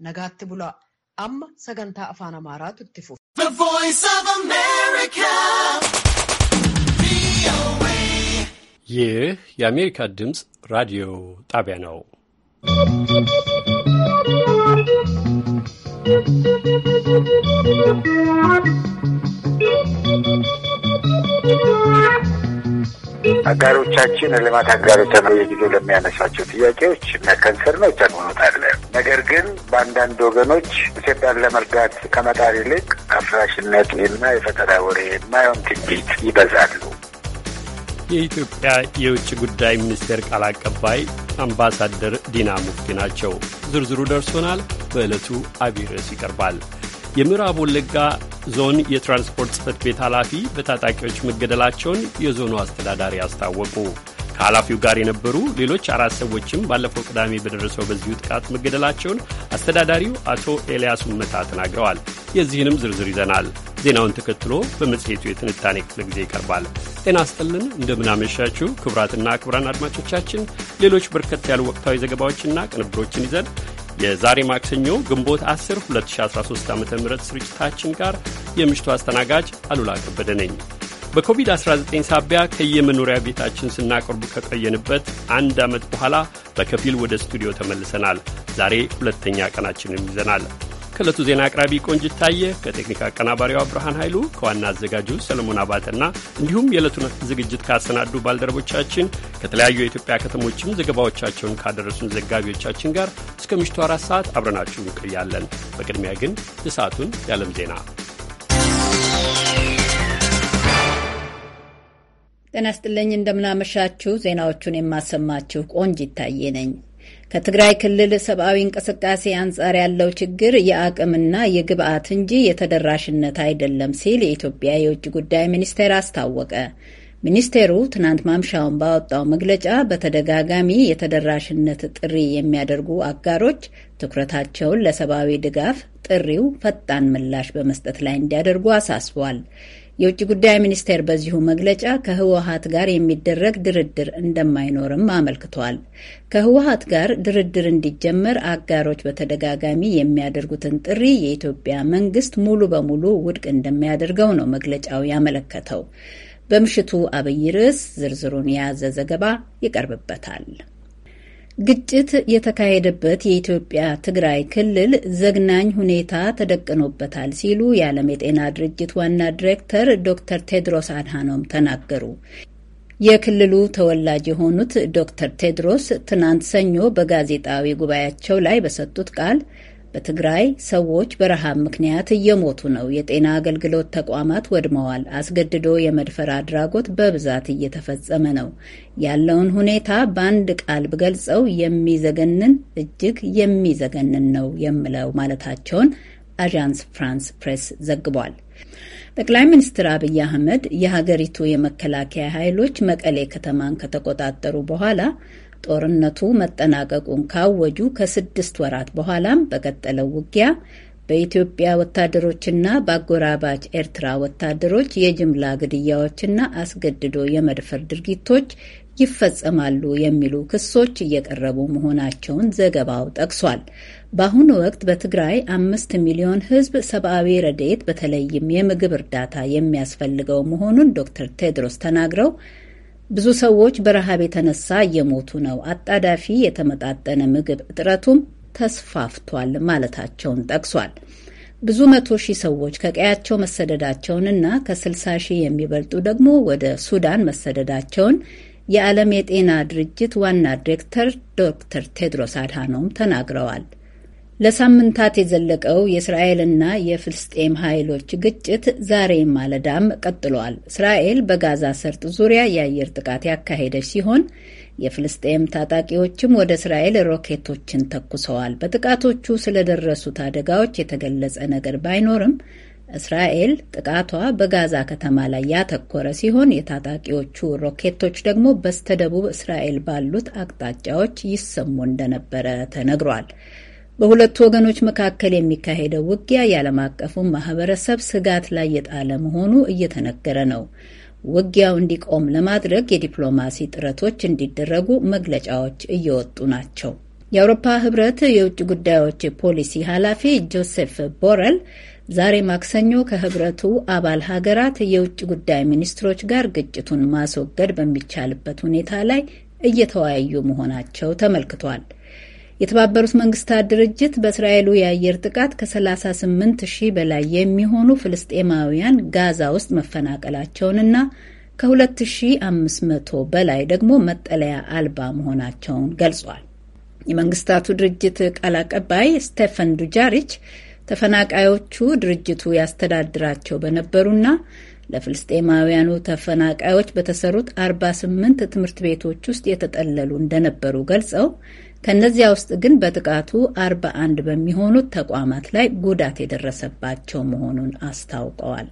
nagaatti bulaa amma sagantaa afaan amaaraatu itti fufa. ይህ የአሜሪካ ድምፅ ራዲዮ ጣቢያ ነው። ¶¶ አጋሮቻችን ልማት አጋሮች በየጊዜው ለሚያነሳቸው ጥያቄዎች መከንሰር ነው ተንሆኖታለን። ነገር ግን በአንዳንድ ወገኖች ኢትዮጵያን ለመርዳት ከመጣር ይልቅ አፍራሽነት እና የፈጠራ ወሬ የማየውን ትንቢት ይበዛሉ። የኢትዮጵያ የውጭ ጉዳይ ሚኒስቴር ቃል አቀባይ አምባሳደር ዲና ሙፍቲ ናቸው። ዝርዝሩ ደርሶናል። በዕለቱ አቢይ ርዕስ ይቀርባል። የምዕራብ ወለጋ ዞን የትራንስፖርት ጽፈት ቤት ኃላፊ በታጣቂዎች መገደላቸውን የዞኑ አስተዳዳሪ አስታወቁ። ከኃላፊው ጋር የነበሩ ሌሎች አራት ሰዎችም ባለፈው ቅዳሜ በደረሰው በዚሁ ጥቃት መገደላቸውን አስተዳዳሪው አቶ ኤልያስ ውመታ ተናግረዋል። የዚህንም ዝርዝር ይዘናል። ዜናውን ተከትሎ በመጽሔቱ የትንታኔ ክፍለ ጊዜ ይቀርባል። ጤና ይስጥልን፣ እንደምናመሻችሁ ክቡራትና ክቡራን አድማጮቻችን ሌሎች በርከት ያሉ ወቅታዊ ዘገባዎችና ቅንብሮችን ይዘን የዛሬ ማክሰኞ ግንቦት 10 2013 ዓ ም ስርጭታችን ጋር የምሽቱ አስተናጋጅ አሉላ ከበደ ነኝ። በኮቪድ-19 ሳቢያ ከየመኖሪያ ቤታችን ስናቀርቡ ከቆየንበት አንድ ዓመት በኋላ በከፊል ወደ ስቱዲዮ ተመልሰናል። ዛሬ ሁለተኛ ቀናችንን ይዘናል። ከእለቱ ዜና አቅራቢ ቆንጅ ታየ፣ ከቴክኒክ አቀናባሪዋ ብርሃን ኃይሉ፣ ከዋና አዘጋጁ ሰለሞን አባተና እንዲሁም የዕለቱን ዝግጅት ካሰናዱ ባልደረቦቻችን ከተለያዩ የኢትዮጵያ ከተሞችም ዘገባዎቻቸውን ካደረሱን ዘጋቢዎቻችን ጋር እስከ ምሽቱ አራት ሰዓት አብረናችሁ እንቆያለን። በቅድሚያ ግን የሰዓቱን የዓለም ዜና ጤና ይስጥልኝ። እንደምናመሻችሁ ዜናዎቹን የማሰማችሁ ቆንጅ ይታየ ነኝ። ከትግራይ ክልል ሰብአዊ እንቅስቃሴ አንጻር ያለው ችግር የአቅምና የግብአት እንጂ የተደራሽነት አይደለም ሲል የኢትዮጵያ የውጭ ጉዳይ ሚኒስቴር አስታወቀ። ሚኒስቴሩ ትናንት ማምሻውን ባወጣው መግለጫ በተደጋጋሚ የተደራሽነት ጥሪ የሚያደርጉ አጋሮች ትኩረታቸውን ለሰብአዊ ድጋፍ ጥሪው ፈጣን ምላሽ በመስጠት ላይ እንዲያደርጉ አሳስቧል። የውጭ ጉዳይ ሚኒስቴር በዚሁ መግለጫ ከህወሀት ጋር የሚደረግ ድርድር እንደማይኖርም አመልክቷል። ከህወሀት ጋር ድርድር እንዲጀመር አጋሮች በተደጋጋሚ የሚያደርጉትን ጥሪ የኢትዮጵያ መንግስት ሙሉ በሙሉ ውድቅ እንደሚያደርገው ነው መግለጫው ያመለከተው። በምሽቱ አብይ ርዕስ ዝርዝሩን የያዘ ዘገባ ይቀርብበታል። ግጭት የተካሄደበት የኢትዮጵያ ትግራይ ክልል ዘግናኝ ሁኔታ ተደቅኖበታል ሲሉ የዓለም የጤና ድርጅት ዋና ዲሬክተር ዶክተር ቴድሮስ አድሃኖም ተናገሩ። የክልሉ ተወላጅ የሆኑት ዶክተር ቴድሮስ ትናንት ሰኞ በጋዜጣዊ ጉባኤያቸው ላይ በሰጡት ቃል በትግራይ ሰዎች በረሃብ ምክንያት እየሞቱ ነው። የጤና አገልግሎት ተቋማት ወድመዋል። አስገድዶ የመድፈር አድራጎት በብዛት እየተፈጸመ ነው። ያለውን ሁኔታ በአንድ ቃል ብገልጸው የሚዘገንን እጅግ የሚዘገንን ነው የምለው ማለታቸውን አዣንስ ፍራንስ ፕሬስ ዘግቧል። ጠቅላይ ሚኒስትር አብይ አህመድ የሀገሪቱ የመከላከያ ኃይሎች መቀሌ ከተማን ከተቆጣጠሩ በኋላ ጦርነቱ መጠናቀቁን ካወጁ ከስድስት ወራት በኋላም በቀጠለው ውጊያ በኢትዮጵያ ወታደሮችና በአጎራባች ኤርትራ ወታደሮች የጅምላ ግድያዎችና አስገድዶ የመድፈር ድርጊቶች ይፈጸማሉ የሚሉ ክሶች እየቀረቡ መሆናቸውን ዘገባው ጠቅሷል። በአሁኑ ወቅት በትግራይ አምስት ሚሊዮን ሕዝብ ሰብአዊ ረድኤት በተለይም የምግብ እርዳታ የሚያስፈልገው መሆኑን ዶክተር ቴድሮስ ተናግረው ብዙ ሰዎች በረሃብ የተነሳ እየሞቱ ነው፣ አጣዳፊ የተመጣጠነ ምግብ እጥረቱም ተስፋፍቷል ማለታቸውን ጠቅሷል። ብዙ መቶ ሺህ ሰዎች ከቀያቸው መሰደዳቸውንና ከ60 ሺህ የሚበልጡ ደግሞ ወደ ሱዳን መሰደዳቸውን የዓለም የጤና ድርጅት ዋና ዲሬክተር ዶክተር ቴድሮስ አድሃኖም ተናግረዋል። ለሳምንታት የዘለቀው የእስራኤልና የፍልስጤም ኃይሎች ግጭት ዛሬ ማለዳም ቀጥሏል። እስራኤል በጋዛ ሰርጥ ዙሪያ የአየር ጥቃት ያካሄደች ሲሆን የፍልስጤም ታጣቂዎችም ወደ እስራኤል ሮኬቶችን ተኩሰዋል። በጥቃቶቹ ስለደረሱት አደጋዎች የተገለጸ ነገር ባይኖርም እስራኤል ጥቃቷ በጋዛ ከተማ ላይ ያተኮረ ሲሆን የታጣቂዎቹ ሮኬቶች ደግሞ በስተደቡብ እስራኤል ባሉት አቅጣጫዎች ይሰሙ እንደነበረ ተነግሯል። በሁለቱ ወገኖች መካከል የሚካሄደው ውጊያ የዓለም አቀፉን ማህበረሰብ ስጋት ላይ የጣለ መሆኑ እየተነገረ ነው። ውጊያው እንዲቆም ለማድረግ የዲፕሎማሲ ጥረቶች እንዲደረጉ መግለጫዎች እየወጡ ናቸው። የአውሮፓ ህብረት የውጭ ጉዳዮች ፖሊሲ ኃላፊ ጆሴፍ ቦረል ዛሬ ማክሰኞ ከህብረቱ አባል ሀገራት የውጭ ጉዳይ ሚኒስትሮች ጋር ግጭቱን ማስወገድ በሚቻልበት ሁኔታ ላይ እየተወያዩ መሆናቸው ተመልክቷል። የተባበሩት መንግስታት ድርጅት በእስራኤሉ የአየር ጥቃት ከ38 ሺህ በላይ የሚሆኑ ፍልስጤማውያን ጋዛ ውስጥ መፈናቀላቸውንና ከ2500 በላይ ደግሞ መጠለያ አልባ መሆናቸውን ገልጿል። የመንግስታቱ ድርጅት ቃል አቀባይ ስቴፈን ዱጃሪች ተፈናቃዮቹ ድርጅቱ ያስተዳድራቸው በነበሩና ለፍልስጤማውያኑ ተፈናቃዮች በተሰሩት 48 ትምህርት ቤቶች ውስጥ የተጠለሉ እንደነበሩ ገልጸው ከእነዚያ ውስጥ ግን በጥቃቱ 41 በሚሆኑት ተቋማት ላይ ጉዳት የደረሰባቸው መሆኑን አስታውቀዋል።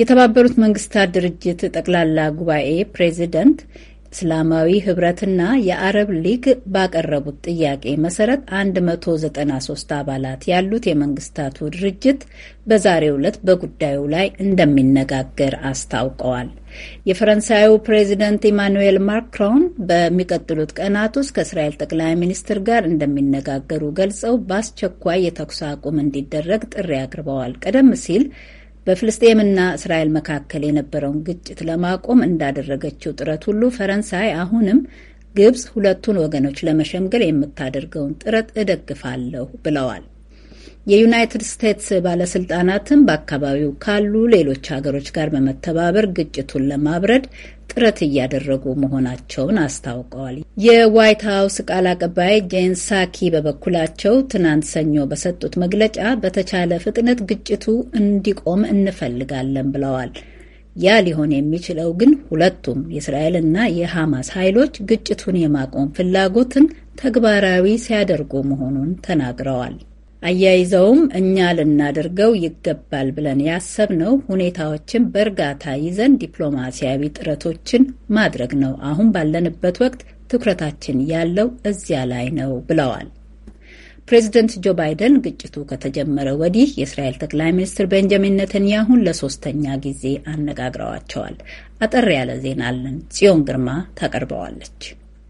የተባበሩት መንግስታት ድርጅት ጠቅላላ ጉባኤ ፕሬዚደንት እስላማዊ ህብረትና የአረብ ሊግ ባቀረቡት ጥያቄ መሰረት 193 አባላት ያሉት የመንግስታቱ ድርጅት በዛሬው ዕለት በጉዳዩ ላይ እንደሚነጋገር አስታውቀዋል። የፈረንሳዩ ፕሬዚደንት ኢማኑኤል ማክሮን በሚቀጥሉት ቀናት ውስጥ ከእስራኤል ጠቅላይ ሚኒስትር ጋር እንደሚነጋገሩ ገልጸው በአስቸኳይ የተኩስ አቁም እንዲደረግ ጥሪ አቅርበዋል። ቀደም ሲል በፍልስጤምና እስራኤል መካከል የነበረውን ግጭት ለማቆም እንዳደረገችው ጥረት ሁሉ ፈረንሳይ አሁንም ግብጽ ሁለቱን ወገኖች ለመሸምገል የምታደርገውን ጥረት እደግፋለሁ ብለዋል። የዩናይትድ ስቴትስ ባለስልጣናትም በአካባቢው ካሉ ሌሎች ሀገሮች ጋር በመተባበር ግጭቱን ለማብረድ ጥረት እያደረጉ መሆናቸውን አስታውቀዋል። የዋይት ሀውስ ቃል አቀባይ ጄን ሳኪ በበኩላቸው ትናንት ሰኞ በሰጡት መግለጫ በተቻለ ፍጥነት ግጭቱ እንዲቆም እንፈልጋለን ብለዋል። ያ ሊሆን የሚችለው ግን ሁለቱም የእስራኤልና የሐማስ ኃይሎች ግጭቱን የማቆም ፍላጎትን ተግባራዊ ሲያደርጉ መሆኑን ተናግረዋል። አያይዘውም እኛ ልናደርገው ይገባል ብለን ያሰብነው ሁኔታዎችን በእርጋታ ይዘን ዲፕሎማሲያዊ ጥረቶችን ማድረግ ነው። አሁን ባለንበት ወቅት ትኩረታችን ያለው እዚያ ላይ ነው ብለዋል። ፕሬዚደንት ጆ ባይደን ግጭቱ ከተጀመረ ወዲህ የእስራኤል ጠቅላይ ሚኒስትር ቤንጃሚን ነተንያሁን ለሶስተኛ ጊዜ አነጋግረዋቸዋል። አጠር ያለ ዜና አለን። ጽዮን ግርማ ታቀርበዋለች።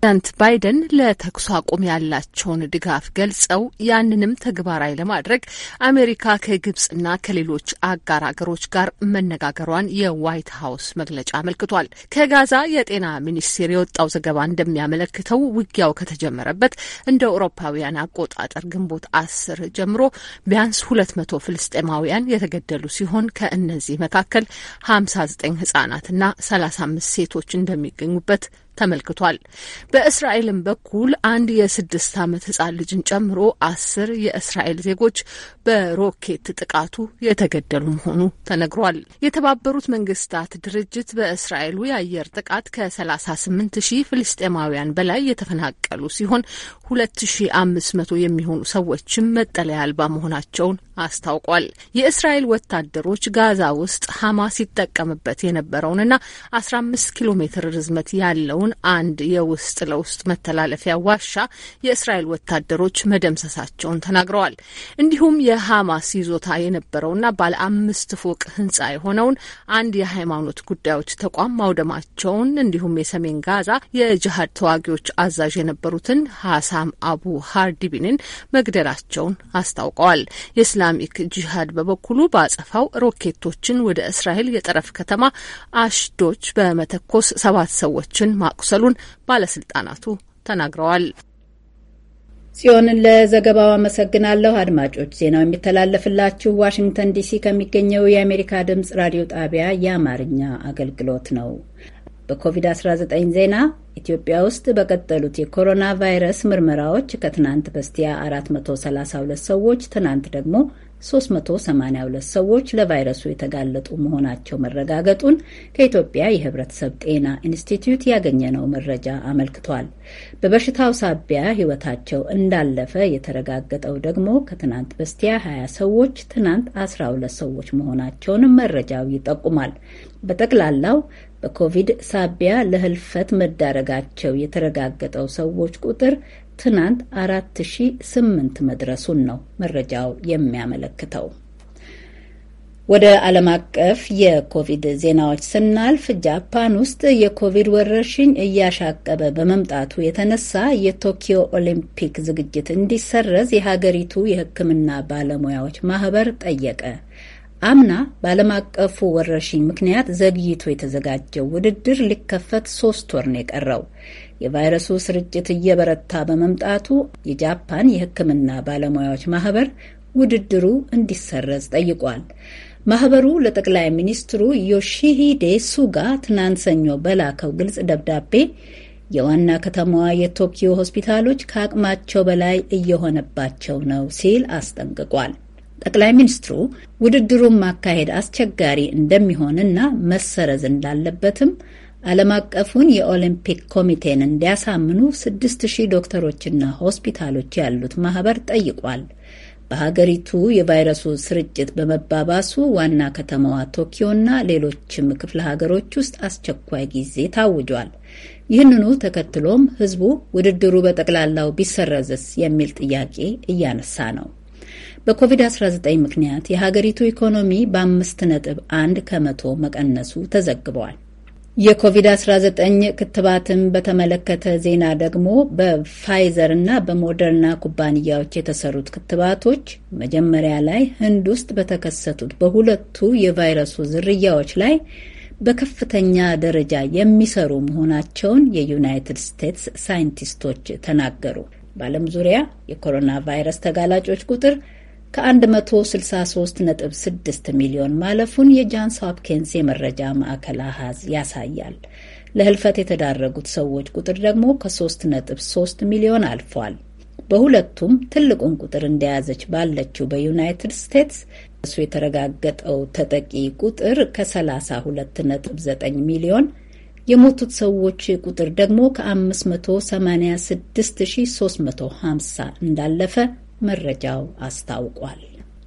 ፕሬዚዳንት ባይደን ለተኩስ አቁም ያላቸውን ድጋፍ ገልጸው ያንንም ተግባራዊ ለማድረግ አሜሪካ ከግብጽና ከሌሎች አጋር አገሮች ጋር መነጋገሯን የዋይት ሀውስ መግለጫ አመልክቷል። ከጋዛ የጤና ሚኒስቴር የወጣው ዘገባ እንደሚያመለክተው ውጊያው ከተጀመረበት እንደ አውሮፓውያን አቆጣጠር ግንቦት አስር ጀምሮ ቢያንስ ሁለት መቶ ፍልስጤማውያን የተገደሉ ሲሆን ከእነዚህ መካከል ሀምሳ ዘጠኝ ህጻናትና ሰላሳ አምስት ሴቶች እንደሚገኙበት ተመልክቷል። በእስራኤልም በኩል አንድ የስድስት ዓመት ህጻን ልጅን ጨምሮ አስር የእስራኤል ዜጎች በሮኬት ጥቃቱ የተገደሉ መሆኑ ተነግሯል። የተባበሩት መንግስታት ድርጅት በእስራኤሉ የአየር ጥቃት ከ38 ሺህ ፍልስጤማውያን በላይ የተፈናቀሉ ሲሆን 2500 የሚሆኑ ሰዎችም መጠለያ አልባ መሆናቸውን አስታውቋል። የእስራኤል ወታደሮች ጋዛ ውስጥ ሐማስ ይጠቀምበት የነበረውንና አስራ አምስት ኪሎ ሜትር ርዝመት ያለውን አንድ የውስጥ ለውስጥ መተላለፊያ ዋሻ የእስራኤል ወታደሮች መደምሰሳቸውን ተናግረዋል። እንዲሁም የሐማስ ይዞታ የነበረውና ባለ አምስት ፎቅ ህንጻ የሆነውን አንድ የሃይማኖት ጉዳዮች ተቋም ማውደማቸውን እንዲሁም የሰሜን ጋዛ የጅሃድ ተዋጊዎች አዛዥ የነበሩትን ሀሳም አቡ ሃርዲቢንን መግደላቸውን አስታውቀዋል። የስላ ኢስላሚክ ጂሃድ በበኩሉ በአጸፋው ሮኬቶችን ወደ እስራኤል የጠረፍ ከተማ አሽዶች በመተኮስ ሰባት ሰዎችን ማቁሰሉን ባለስልጣናቱ ተናግረዋል። ጽዮንን ለዘገባው አመሰግናለሁ። አድማጮች ዜናው የሚተላለፍላችሁ ዋሽንግተን ዲሲ ከሚገኘው የአሜሪካ ድምጽ ራዲዮ ጣቢያ የአማርኛ አገልግሎት ነው። በኮቪድ-19 ዜና ኢትዮጵያ ውስጥ በቀጠሉት የኮሮና ቫይረስ ምርመራዎች ከትናንት በስቲያ 432 ሰዎች፣ ትናንት ደግሞ 382 ሰዎች ለቫይረሱ የተጋለጡ መሆናቸው መረጋገጡን ከኢትዮጵያ የሕብረተሰብ ጤና ኢንስቲትዩት ያገኘነው መረጃ አመልክቷል። በበሽታው ሳቢያ ሕይወታቸው እንዳለፈ የተረጋገጠው ደግሞ ከትናንት በስቲያ 20 ሰዎች፣ ትናንት 12 ሰዎች መሆናቸውንም መረጃው ይጠቁማል። በጠቅላላው በኮቪድ ሳቢያ ለህልፈት መዳረጋቸው የተረጋገጠው ሰዎች ቁጥር ትናንት 4008 መድረሱን ነው መረጃው የሚያመለክተው። ወደ ዓለም አቀፍ የኮቪድ ዜናዎች ስናልፍ ጃፓን ውስጥ የኮቪድ ወረርሽኝ እያሻቀበ በመምጣቱ የተነሳ የቶኪዮ ኦሊምፒክ ዝግጅት እንዲሰረዝ የሀገሪቱ የሕክምና ባለሙያዎች ማህበር ጠየቀ። አምና በዓለም አቀፉ ወረርሽኝ ምክንያት ዘግይቶ የተዘጋጀው ውድድር ሊከፈት ሶስት ወር ነው የቀረው። የቫይረሱ ስርጭት እየበረታ በመምጣቱ የጃፓን የሕክምና ባለሙያዎች ማህበር ውድድሩ እንዲሰረዝ ጠይቋል። ማህበሩ ለጠቅላይ ሚኒስትሩ ዮሺሂዴ ሱጋ ትናንት ሰኞ በላከው ግልጽ ደብዳቤ የዋና ከተማዋ የቶኪዮ ሆስፒታሎች ከአቅማቸው በላይ እየሆነባቸው ነው ሲል አስጠንቅቋል። ጠቅላይ ሚኒስትሩ ውድድሩን ማካሄድ አስቸጋሪ እንደሚሆንና መሰረዝ እንዳለበትም ዓለም አቀፉን የኦሊምፒክ ኮሚቴን እንዲያሳምኑ 6000 ዶክተሮችና ሆስፒታሎች ያሉት ማህበር ጠይቋል። በሀገሪቱ የቫይረሱ ስርጭት በመባባሱ ዋና ከተማዋ ቶኪዮና ሌሎችም ክፍለ ሀገሮች ውስጥ አስቸኳይ ጊዜ ታውጇል። ይህንኑ ተከትሎም ህዝቡ ውድድሩ በጠቅላላው ቢሰረዝስ የሚል ጥያቄ እያነሳ ነው። በኮቪድ-19 ምክንያት የሀገሪቱ ኢኮኖሚ በአምስት ነጥብ አንድ ከመቶ መቀነሱ ተዘግቧል። የኮቪድ-19 ክትባትን በተመለከተ ዜና ደግሞ በፋይዘር እና በሞደርና ኩባንያዎች የተሰሩት ክትባቶች መጀመሪያ ላይ ህንድ ውስጥ በተከሰቱት በሁለቱ የቫይረሱ ዝርያዎች ላይ በከፍተኛ ደረጃ የሚሰሩ መሆናቸውን የዩናይትድ ስቴትስ ሳይንቲስቶች ተናገሩ። በዓለም ዙሪያ የኮሮና ቫይረስ ተጋላጮች ቁጥር ከ163.6 ሚሊዮን ማለፉን የጃንስ ሆፕኪንስ የመረጃ ማዕከል አሃዝ ያሳያል። ለህልፈት የተዳረጉት ሰዎች ቁጥር ደግሞ ከ3.3 ሚሊዮን አልፏል። በሁለቱም ትልቁን ቁጥር እንደያዘች ባለችው በዩናይትድ ስቴትስ እሱ የተረጋገጠው ተጠቂ ቁጥር ከ32.9 ሚሊዮን፣ የሞቱት ሰዎች ቁጥር ደግሞ ከ586,350 እንዳለፈ መረጃው አስታውቋል።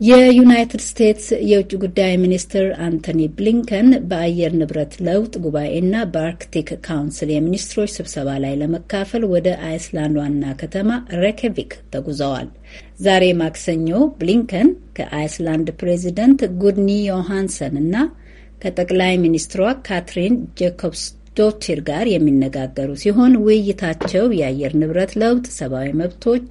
የዩናይትድ ስቴትስ የውጭ ጉዳይ ሚኒስትር አንቶኒ ብሊንከን በአየር ንብረት ለውጥ ጉባኤና በአርክቲክ ካውንስል የሚኒስትሮች ስብሰባ ላይ ለመካፈል ወደ አይስላንድ ዋና ከተማ ሬኬቪክ ተጉዘዋል። ዛሬ ማክሰኞ ብሊንከን ከአይስላንድ ፕሬዚደንት ጉድኒ ዮሃንሰን እና ከጠቅላይ ሚኒስትሯ ካትሪን ጄኮብስ ዶቲር ጋር የሚነጋገሩ ሲሆን ውይይታቸው የአየር ንብረት ለውጥ፣ ሰብአዊ መብቶች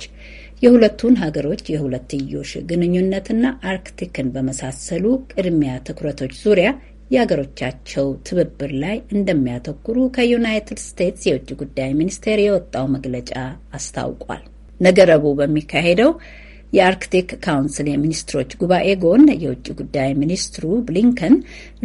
የሁለቱን ሀገሮች የሁለትዮሽ ግንኙነትና አርክቲክን በመሳሰሉ ቅድሚያ ትኩረቶች ዙሪያ የሀገሮቻቸው ትብብር ላይ እንደሚያተኩሩ ከዩናይትድ ስቴትስ የውጭ ጉዳይ ሚኒስቴር የወጣው መግለጫ አስታውቋል። ነገ ረቡዕ በሚካሄደው የአርክቲክ ካውንስል የሚኒስትሮች ጉባኤ ጎን የውጭ ጉዳይ ሚኒስትሩ ብሊንከን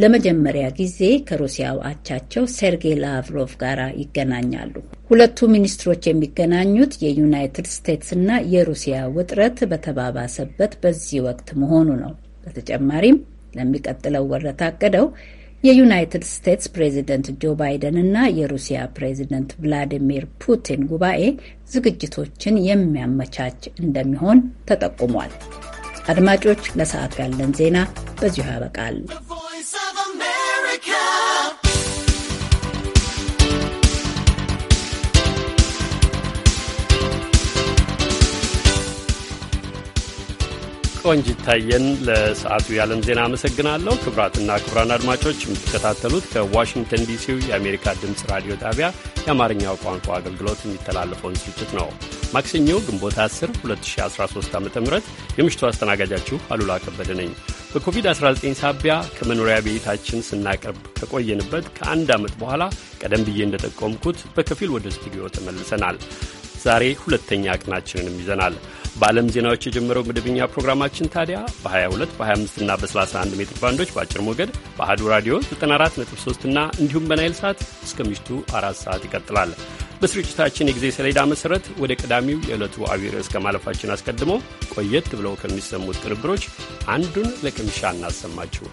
ለመጀመሪያ ጊዜ ከሩሲያው አቻቸው ሴርጌይ ላቭሮቭ ጋር ይገናኛሉ። ሁለቱ ሚኒስትሮች የሚገናኙት የዩናይትድ ስቴትስና የሩሲያ ውጥረት በተባባሰበት በዚህ ወቅት መሆኑ ነው። በተጨማሪም ለሚቀጥለው ወር ለታቀደው የዩናይትድ ስቴትስ ፕሬዚደንት ጆ ባይደን እና የሩሲያ ፕሬዚደንት ቭላዲሚር ፑቲን ጉባኤ ዝግጅቶችን የሚያመቻች እንደሚሆን ተጠቁሟል። አድማጮች፣ ለሰዓቱ ያለን ዜና በዚሁ ያበቃል። ቆንጂት ታየን ለሰዓቱ የዓለም ዜና አመሰግናለሁ። ክቡራትና ክቡራን አድማጮች የምትከታተሉት ከዋሽንግተን ዲሲው የአሜሪካ ድምፅ ራዲዮ ጣቢያ የአማርኛው ቋንቋ አገልግሎት የሚተላለፈውን ስርጭት ነው። ማክሰኞ ግንቦት 10 2013 ዓ ም የምሽቱ አስተናጋጃችሁ አሉላ ከበደ ነኝ። በኮቪድ-19 ሳቢያ ከመኖሪያ ቤታችን ስናቀርብ ከቆየንበት ከአንድ ዓመት በኋላ ቀደም ብዬ እንደጠቆምኩት በከፊል ወደ ስቱዲዮ ተመልሰናል። ዛሬ ሁለተኛ ቀናችንንም ይዘናል። በዓለም ዜናዎች የጀመረው መደበኛ ፕሮግራማችን ታዲያ በ22 በ25 እና በ31 ሜትር ባንዶች በአጭር ሞገድ በአህዱ ራዲዮ 94.3 እና እንዲሁም በናይል ሰዓት እስከ ምሽቱ አራት ሰዓት ይቀጥላል። በስርጭታችን የጊዜ ሰሌዳ መሠረት ወደ ቀዳሚው የዕለቱ አብይ ርዕስ ከማለፋችን አስቀድሞ ቆየት ብለው ከሚሰሙት ቅንብሮች አንዱን ለቅምሻ እናሰማችሁ።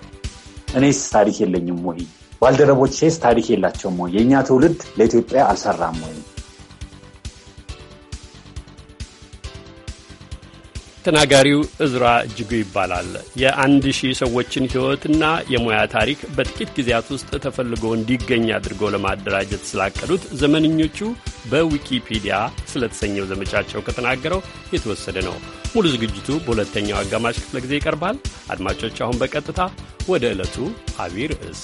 እኔስ ታሪክ የለኝም ወይ? ባልደረቦቼስ ታሪክ የላቸውም ወይ? የእኛ ትውልድ ለኢትዮጵያ አልሰራም ወይም ተናጋሪው እዝራ እጅጉ ይባላል። የአንድ ሺህ ሰዎችን ሕይወትና የሙያ ታሪክ በጥቂት ጊዜያት ውስጥ ተፈልጎ እንዲገኝ አድርገው ለማደራጀት ስላቀዱት ዘመንኞቹ በዊኪፒዲያ ስለተሰኘው ዘመቻቸው ከተናገረው የተወሰደ ነው። ሙሉ ዝግጅቱ በሁለተኛው አጋማሽ ክፍለ ጊዜ ይቀርባል። አድማጮች፣ አሁን በቀጥታ ወደ ዕለቱ አቢይ ርዕስ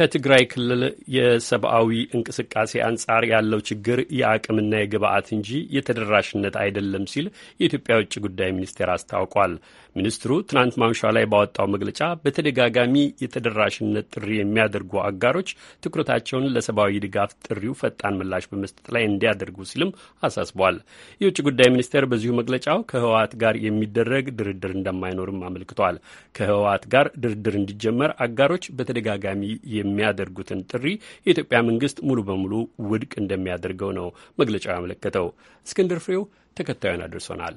ከትግራይ ክልል የሰብአዊ እንቅስቃሴ አንጻር ያለው ችግር የአቅምና የግብአት እንጂ የተደራሽነት አይደለም ሲል የኢትዮጵያ ውጭ ጉዳይ ሚኒስቴር አስታውቋል። ሚኒስትሩ ትናንት ማምሻ ላይ ባወጣው መግለጫ በተደጋጋሚ የተደራሽነት ጥሪ የሚያደርጉ አጋሮች ትኩረታቸውን ለሰብአዊ ድጋፍ ጥሪው ፈጣን ምላሽ በመስጠት ላይ እንዲያደርጉ ሲልም አሳስቧል። የውጭ ጉዳይ ሚኒስቴር በዚሁ መግለጫው ከህወሓት ጋር የሚደረግ ድርድር እንደማይኖርም አመልክቷል። ከህወሓት ጋር ድርድር እንዲጀመር አጋሮች በተደጋጋሚ የሚያደርጉትን ጥሪ የኢትዮጵያ መንግስት ሙሉ በሙሉ ውድቅ እንደሚያደርገው ነው መግለጫው ያመለከተው። እስክንድር ፍሬው ተከታዩን አድርሶናል።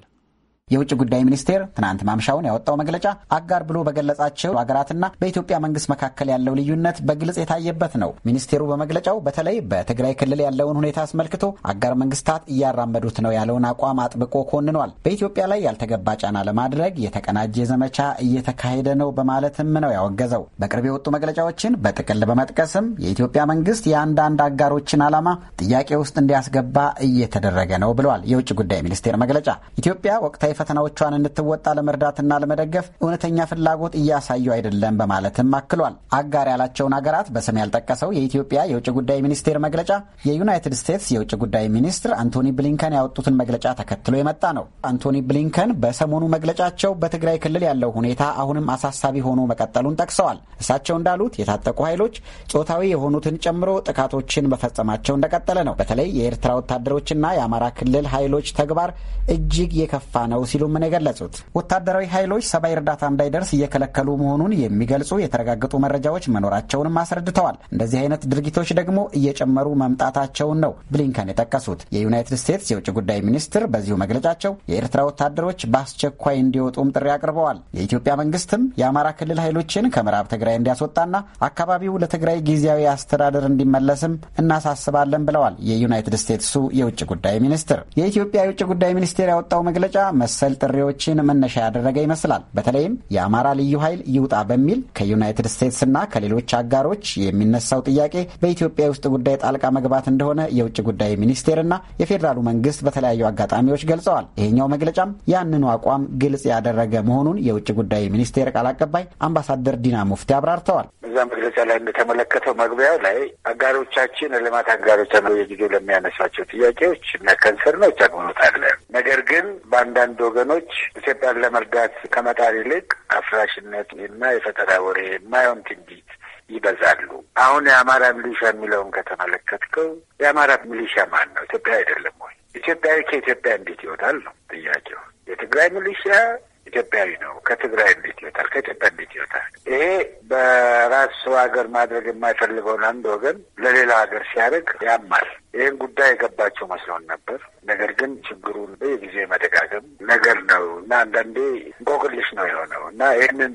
የውጭ ጉዳይ ሚኒስቴር ትናንት ማምሻውን ያወጣው መግለጫ አጋር ብሎ በገለጻቸው ሀገራትና በኢትዮጵያ መንግስት መካከል ያለው ልዩነት በግልጽ የታየበት ነው። ሚኒስቴሩ በመግለጫው በተለይ በትግራይ ክልል ያለውን ሁኔታ አስመልክቶ አጋር መንግስታት እያራመዱት ነው ያለውን አቋም አጥብቆ ኮንኗል። በኢትዮጵያ ላይ ያልተገባ ጫና ለማድረግ የተቀናጀ ዘመቻ እየተካሄደ ነው በማለትም ነው ያወገዘው። በቅርብ የወጡ መግለጫዎችን በጥቅል በመጥቀስም የኢትዮጵያ መንግስት የአንዳንድ አጋሮችን ዓላማ ጥያቄ ውስጥ እንዲያስገባ እየተደረገ ነው ብሏል የውጭ ጉዳይ ሚኒስቴር መግለጫ ኢትዮጵያ ወቅታዊ መሰረታዊ ፈተናዎቿን እንድትወጣ ለመርዳትና ለመደገፍ እውነተኛ ፍላጎት እያሳዩ አይደለም በማለትም አክሏል። አጋር ያላቸውን ሀገራት በስም ያልጠቀሰው የኢትዮጵያ የውጭ ጉዳይ ሚኒስቴር መግለጫ የዩናይትድ ስቴትስ የውጭ ጉዳይ ሚኒስትር አንቶኒ ብሊንከን ያወጡትን መግለጫ ተከትሎ የመጣ ነው። አንቶኒ ብሊንከን በሰሞኑ መግለጫቸው በትግራይ ክልል ያለው ሁኔታ አሁንም አሳሳቢ ሆኖ መቀጠሉን ጠቅሰዋል። እሳቸው እንዳሉት የታጠቁ ኃይሎች ጾታዊ የሆኑትን ጨምሮ ጥቃቶችን መፈጸማቸው እንደቀጠለ ነው። በተለይ የኤርትራ ወታደሮችና የአማራ ክልል ኃይሎች ተግባር እጅግ የከፋ ነው ነው ሲሉም ነው የገለጹት። ወታደራዊ ኃይሎች ሰብአዊ እርዳታ እንዳይደርስ እየከለከሉ መሆኑን የሚገልጹ የተረጋገጡ መረጃዎች መኖራቸውንም አስረድተዋል። እንደዚህ አይነት ድርጊቶች ደግሞ እየጨመሩ መምጣታቸውን ነው ብሊንከን የጠቀሱት። የዩናይትድ ስቴትስ የውጭ ጉዳይ ሚኒስትር በዚሁ መግለጫቸው የኤርትራ ወታደሮች በአስቸኳይ እንዲወጡም ጥሪ አቅርበዋል። የኢትዮጵያ መንግስትም የአማራ ክልል ኃይሎችን ከምዕራብ ትግራይ እንዲያስወጣና አካባቢው ለትግራይ ጊዜያዊ አስተዳደር እንዲመለስም እናሳስባለን ብለዋል። የዩናይትድ ስቴትሱ የውጭ ጉዳይ ሚኒስትር የኢትዮጵያ የውጭ ጉዳይ ሚኒስቴር ያወጣው መግለጫ መሰል ጥሪዎችን መነሻ ያደረገ ይመስላል። በተለይም የአማራ ልዩ ኃይል ይውጣ በሚል ከዩናይትድ ስቴትስና ከሌሎች አጋሮች የሚነሳው ጥያቄ በኢትዮጵያ የውስጥ ጉዳይ ጣልቃ መግባት እንደሆነ የውጭ ጉዳይ ሚኒስቴርና የፌዴራሉ መንግስት በተለያዩ አጋጣሚዎች ገልጸዋል። ይሄኛው መግለጫም ያንኑ አቋም ግልጽ ያደረገ መሆኑን የውጭ ጉዳይ ሚኒስቴር ቃል አቀባይ አምባሳደር ዲና ሙፍቲ አብራርተዋል። እዛ መግለጫ ላይ እንደተመለከተው መግቢያው ላይ አጋሮቻችን ልማት አጋሮች ለሚያነሷቸው ጥያቄዎች እና ከንሰርኖች አግብኖት ነገር ግን በአንዳንድ ወገኖች ኢትዮጵያን ለመርዳት ከመጣር ይልቅ አፍራሽነት እና የፈጠራ ወሬ የማይሆን ትንቢት ይበዛሉ። አሁን የአማራ ሚሊሻ የሚለውን ከተመለከትከው የአማራ ሚሊሻ ማን ነው? ኢትዮጵያ አይደለም ወይ? ኢትዮጵያዊ ከኢትዮጵያ እንዴት ይወጣል ነው ጥያቄው። የትግራይ ሚሊሻ ኢትዮጵያዊ ነው። ከትግራይ እንዴት ይወጣል? ከኢትዮጵያ እንዴት ይወጣል? ይሄ በራሱ ሀገር ማድረግ የማይፈልገውን አንድ ወገን ለሌላ ሀገር ሲያደርግ ያማል። ይህን ጉዳይ የገባቸው መስሎን ነበር። ነገር ግን ችግሩን የጊዜ መደጋገም ነገር ነው እና አንዳንዴ እንቆቅልሽ ነው የሆነው እና ይህንን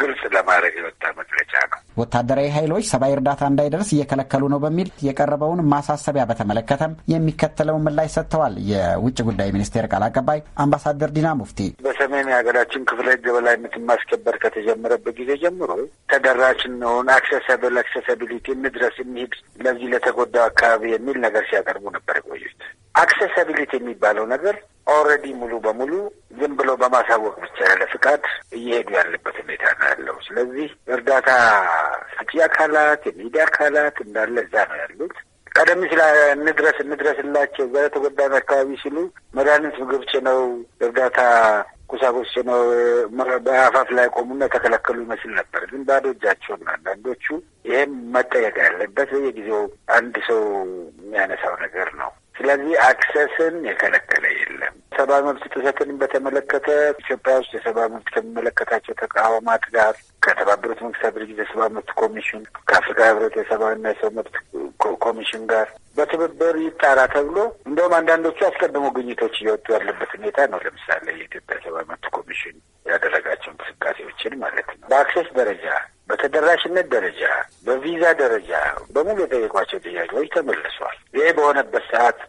ግልጽ ለማድረግ የወጣ መግለጫ ነው። ወታደራዊ ኃይሎች ሰብአዊ እርዳታ እንዳይደርስ እየከለከሉ ነው በሚል የቀረበውን ማሳሰቢያ በተመለከተም የሚከተለውን ምላሽ ሰጥተዋል። የውጭ ጉዳይ ሚኒስቴር ቃል አቀባይ አምባሳደር ዲና ሙፍቲ በሰሜን የሀገራችን ክፍለ ሕግ በላይነትን ማስከበር ከተጀመረበት ጊዜ ጀምሮ ተደራሽ እንሆን፣ አክሰሰብል አክሰሰቢሊቲ እንድረስ፣ እንሂድ ለዚህ ለተጎዳው አካባቢ የሚል ነገር ሲያቀርቡ ነበር የቆዩት። አክሴሳቢሊቲ የሚባለው ነገር ኦልሬዲ ሙሉ በሙሉ ዝም ብሎ በማሳወቅ ብቻ ያለ ፍቃድ እየሄዱ ያለበት ሁኔታ ነው ያለው። ስለዚህ እርዳታ ሰጪ አካላት፣ የሚዲያ አካላት እንዳለ እዛ ነው ያሉት። ቀደም ሲል እንድረስ እንድረስላቸው እዛ አካባቢ ሲሉ መድኃኒት ምግብ ጭነው እርዳታ ቁሳቁስ ጭነው በአፋፍ ላይ ቆሙና የተከለከሉ ይመስል ነበር። ግን ባዶ እጃቸውን አንዳንዶቹ። ይህም መጠየቅ ያለበት የጊዜው አንድ ሰው የሚያነሳው ነገር ነው። ስለዚህ አክሰስን የከለከለ የለም። ሰብአዊ መብት ጥሰትን በተመለከተ ኢትዮጵያ ውስጥ የሰብአዊ መብት ከሚመለከታቸው ተቋማት ጋር ከተባበሩት መንግስታት ድርጅት የሰብአዊ መብት ኮሚሽን ከአፍሪካ ህብረት የሰብአዊና የሰው መብት ኮሚሽን ጋር በትብብር ይጣራ ተብሎ እንደውም አንዳንዶቹ አስቀድሞ ግኝቶች እየወጡ ያለበት ሁኔታ ነው። ለምሳሌ የኢትዮጵያ ሰብአዊ መብት ኮሚሽን ያደረጋቸው እንቅስቃሴዎችን ማለት ነው። በአክሴስ ደረጃ፣ በተደራሽነት ደረጃ፣ በቪዛ ደረጃ በሙሉ የጠየቋቸው ጥያቄዎች ተመልሷል። ይሄ በሆነበት ሰዓት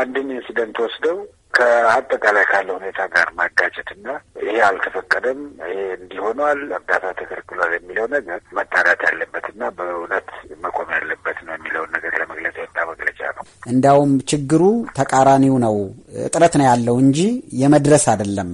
አንድን ኢንሲደንት ወስደው ከአጠቃላይ ካለ ሁኔታ ጋር ማጋጨት እና ይሄ አልተፈቀደም፣ ይሄ እንዲሆኗል፣ እርዳታ ተከልክሏል የሚለው ነገር መጣራት ያለበት እና በእውነት መቆም ያለበት ነው የሚለውን ነገር ለመግለጽ የወጣ መግለጫ ነው። እንዲያውም ችግሩ ተቃራኒው ነው፣ እጥረት ነው ያለው እንጂ የመድረስ አይደለም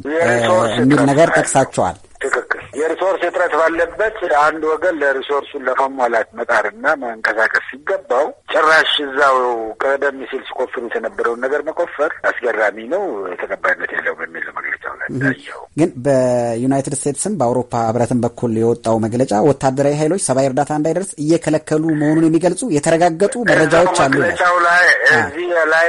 የሚል ነገር ጠቅሳቸዋል። ትክክል። የሪሶርስ እጥረት ባለበት አንድ ወገን ለሪሶርሱን ለማሟላት መጣርና መንቀሳቀስ ሲገባው ጭራሽ እዛው ቀደም ሲል ሲቆፍሩ የነበረውን ነገር መቆፈር አስገራሚ ነው፣ ተቀባይነት የለው በሚል መግለጫው ላይ ታየው። ግን በዩናይትድ ስቴትስም በአውሮፓ ህብረትን በኩል የወጣው መግለጫ ወታደራዊ ኃይሎች ሰብአዊ እርዳታ እንዳይደርስ እየከለከሉ መሆኑን የሚገልጹ የተረጋገጡ መረጃዎች አሉ። መግለጫው ላይ እዚህ ላይ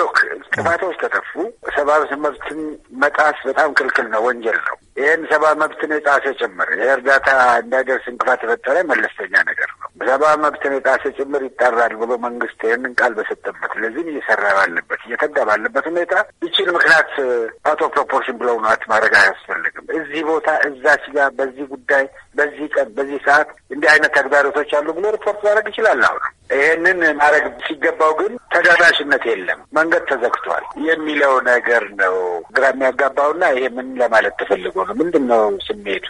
ሉክ ጥፋቶች ተጠፉ፣ ሰብአዊ መብትን መጣስ በጣም ክልክል ነው፣ ወንጀል ነው። ይህን ሰብአዊ መብትን የጣሰ ጭምር የእርዳታ እንዳይደርስ እንቅፋት የፈጠረ መለስተኛ ነገር ነው። ሰብአዊ መብት የጣሰ ጭምር ይጣራል ብሎ መንግስት ይህንን ቃል በሰጠበት ለዚህም እየሰራ ባለበት እየተጋ ባለበት ሁኔታ ይችን ምክንያት አውቶ ፕሮፖርሽን ብለው ነት ማድረግ አያስፈልግም። እዚህ ቦታ እዛ ሲጋ በዚህ ጉዳይ በዚህ ቀን በዚህ ሰዓት እንዲህ አይነት ተግዳሮቶች አሉ ብሎ ሪፖርት ማድረግ ይችላል አሁን ይህንን ማድረግ ሲገባው ግን ተደራሽነት የለም፣ መንገድ ተዘግቷል የሚለው ነገር ነው ግራ የሚያጋባውና ይሄ ምን ለማለት ተፈልጎ ነው? ምንድን ነው ስሜቱ?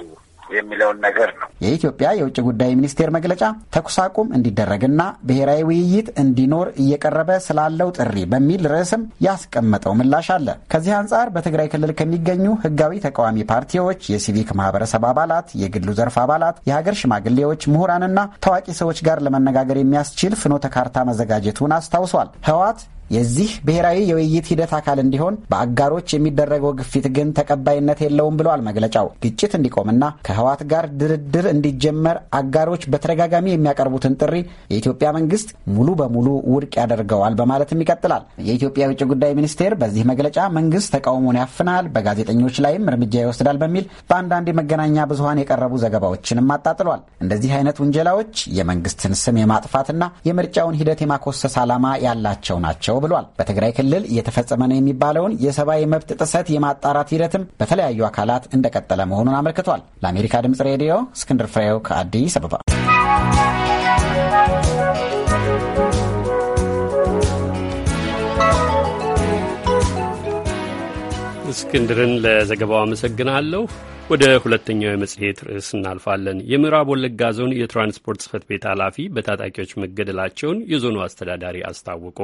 የሚለውን ነገር ነው። የኢትዮጵያ የውጭ ጉዳይ ሚኒስቴር መግለጫ ተኩስ አቁም እንዲደረግና ብሔራዊ ውይይት እንዲኖር እየቀረበ ስላለው ጥሪ በሚል ርዕስም ያስቀመጠው ምላሽ አለ። ከዚህ አንጻር በትግራይ ክልል ከሚገኙ ህጋዊ ተቃዋሚ ፓርቲዎች፣ የሲቪክ ማህበረሰብ አባላት፣ የግሉ ዘርፍ አባላት፣ የሀገር ሽማግሌዎች፣ ምሁራንና ታዋቂ ሰዎች ጋር ለመነጋገር የሚያስችል ፍኖተ ካርታ መዘጋጀቱን አስታውሷል። ህወሓት የዚህ ብሔራዊ የውይይት ሂደት አካል እንዲሆን በአጋሮች የሚደረገው ግፊት ግን ተቀባይነት የለውም ብለዋል መግለጫው። ግጭት እንዲቆምና ከህወሓት ጋር ድርድር እንዲጀመር አጋሮች በተደጋጋሚ የሚያቀርቡትን ጥሪ የኢትዮጵያ መንግስት ሙሉ በሙሉ ውድቅ ያደርገዋል በማለትም ይቀጥላል። የኢትዮጵያ የውጭ ጉዳይ ሚኒስቴር በዚህ መግለጫ መንግስት ተቃውሞን ያፍናል፣ በጋዜጠኞች ላይም እርምጃ ይወስዳል በሚል በአንዳንድ የመገናኛ ብዙሀን የቀረቡ ዘገባዎችንም አጣጥሏል። እንደዚህ አይነት ውንጀላዎች የመንግስትን ስም የማጥፋትና የምርጫውን ሂደት የማኮሰስ ዓላማ ያላቸው ናቸው ናቸው ብሏል። በትግራይ ክልል እየተፈጸመ ነው የሚባለውን የሰብአዊ መብት ጥሰት የማጣራት ሂደትም በተለያዩ አካላት እንደቀጠለ መሆኑን አመልክቷል። ለአሜሪካ ድምጽ ሬዲዮ እስክንድር ፍሬው ከአዲስ አበባ። እስክንድርን ለዘገባው አመሰግናለሁ። ወደ ሁለተኛው የመጽሔት ርዕስ እናልፋለን። የምዕራብ ወለጋ ዞን የትራንስፖርት ጽህፈት ቤት ኃላፊ በታጣቂዎች መገደላቸውን የዞኑ አስተዳዳሪ አስታወቁ።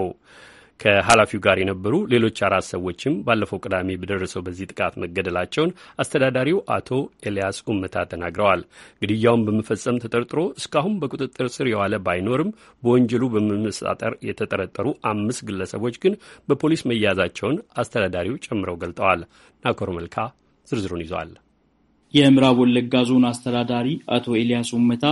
ከኃላፊው ጋር የነበሩ ሌሎች አራት ሰዎችም ባለፈው ቅዳሜ በደረሰው በዚህ ጥቃት መገደላቸውን አስተዳዳሪው አቶ ኤልያስ ኡመታ ተናግረዋል። ግድያውን በመፈጸም ተጠርጥሮ እስካሁን በቁጥጥር ስር የዋለ ባይኖርም በወንጀሉ በመመሳጠር የተጠረጠሩ አምስት ግለሰቦች ግን በፖሊስ መያዛቸውን አስተዳዳሪው ጨምረው ገልጠዋል። ናኮር መልካ ዝርዝሩን ይዘዋል። የምዕራብ ወለጋ ዞን አስተዳዳሪ አቶ ኤልያስ ኡመታ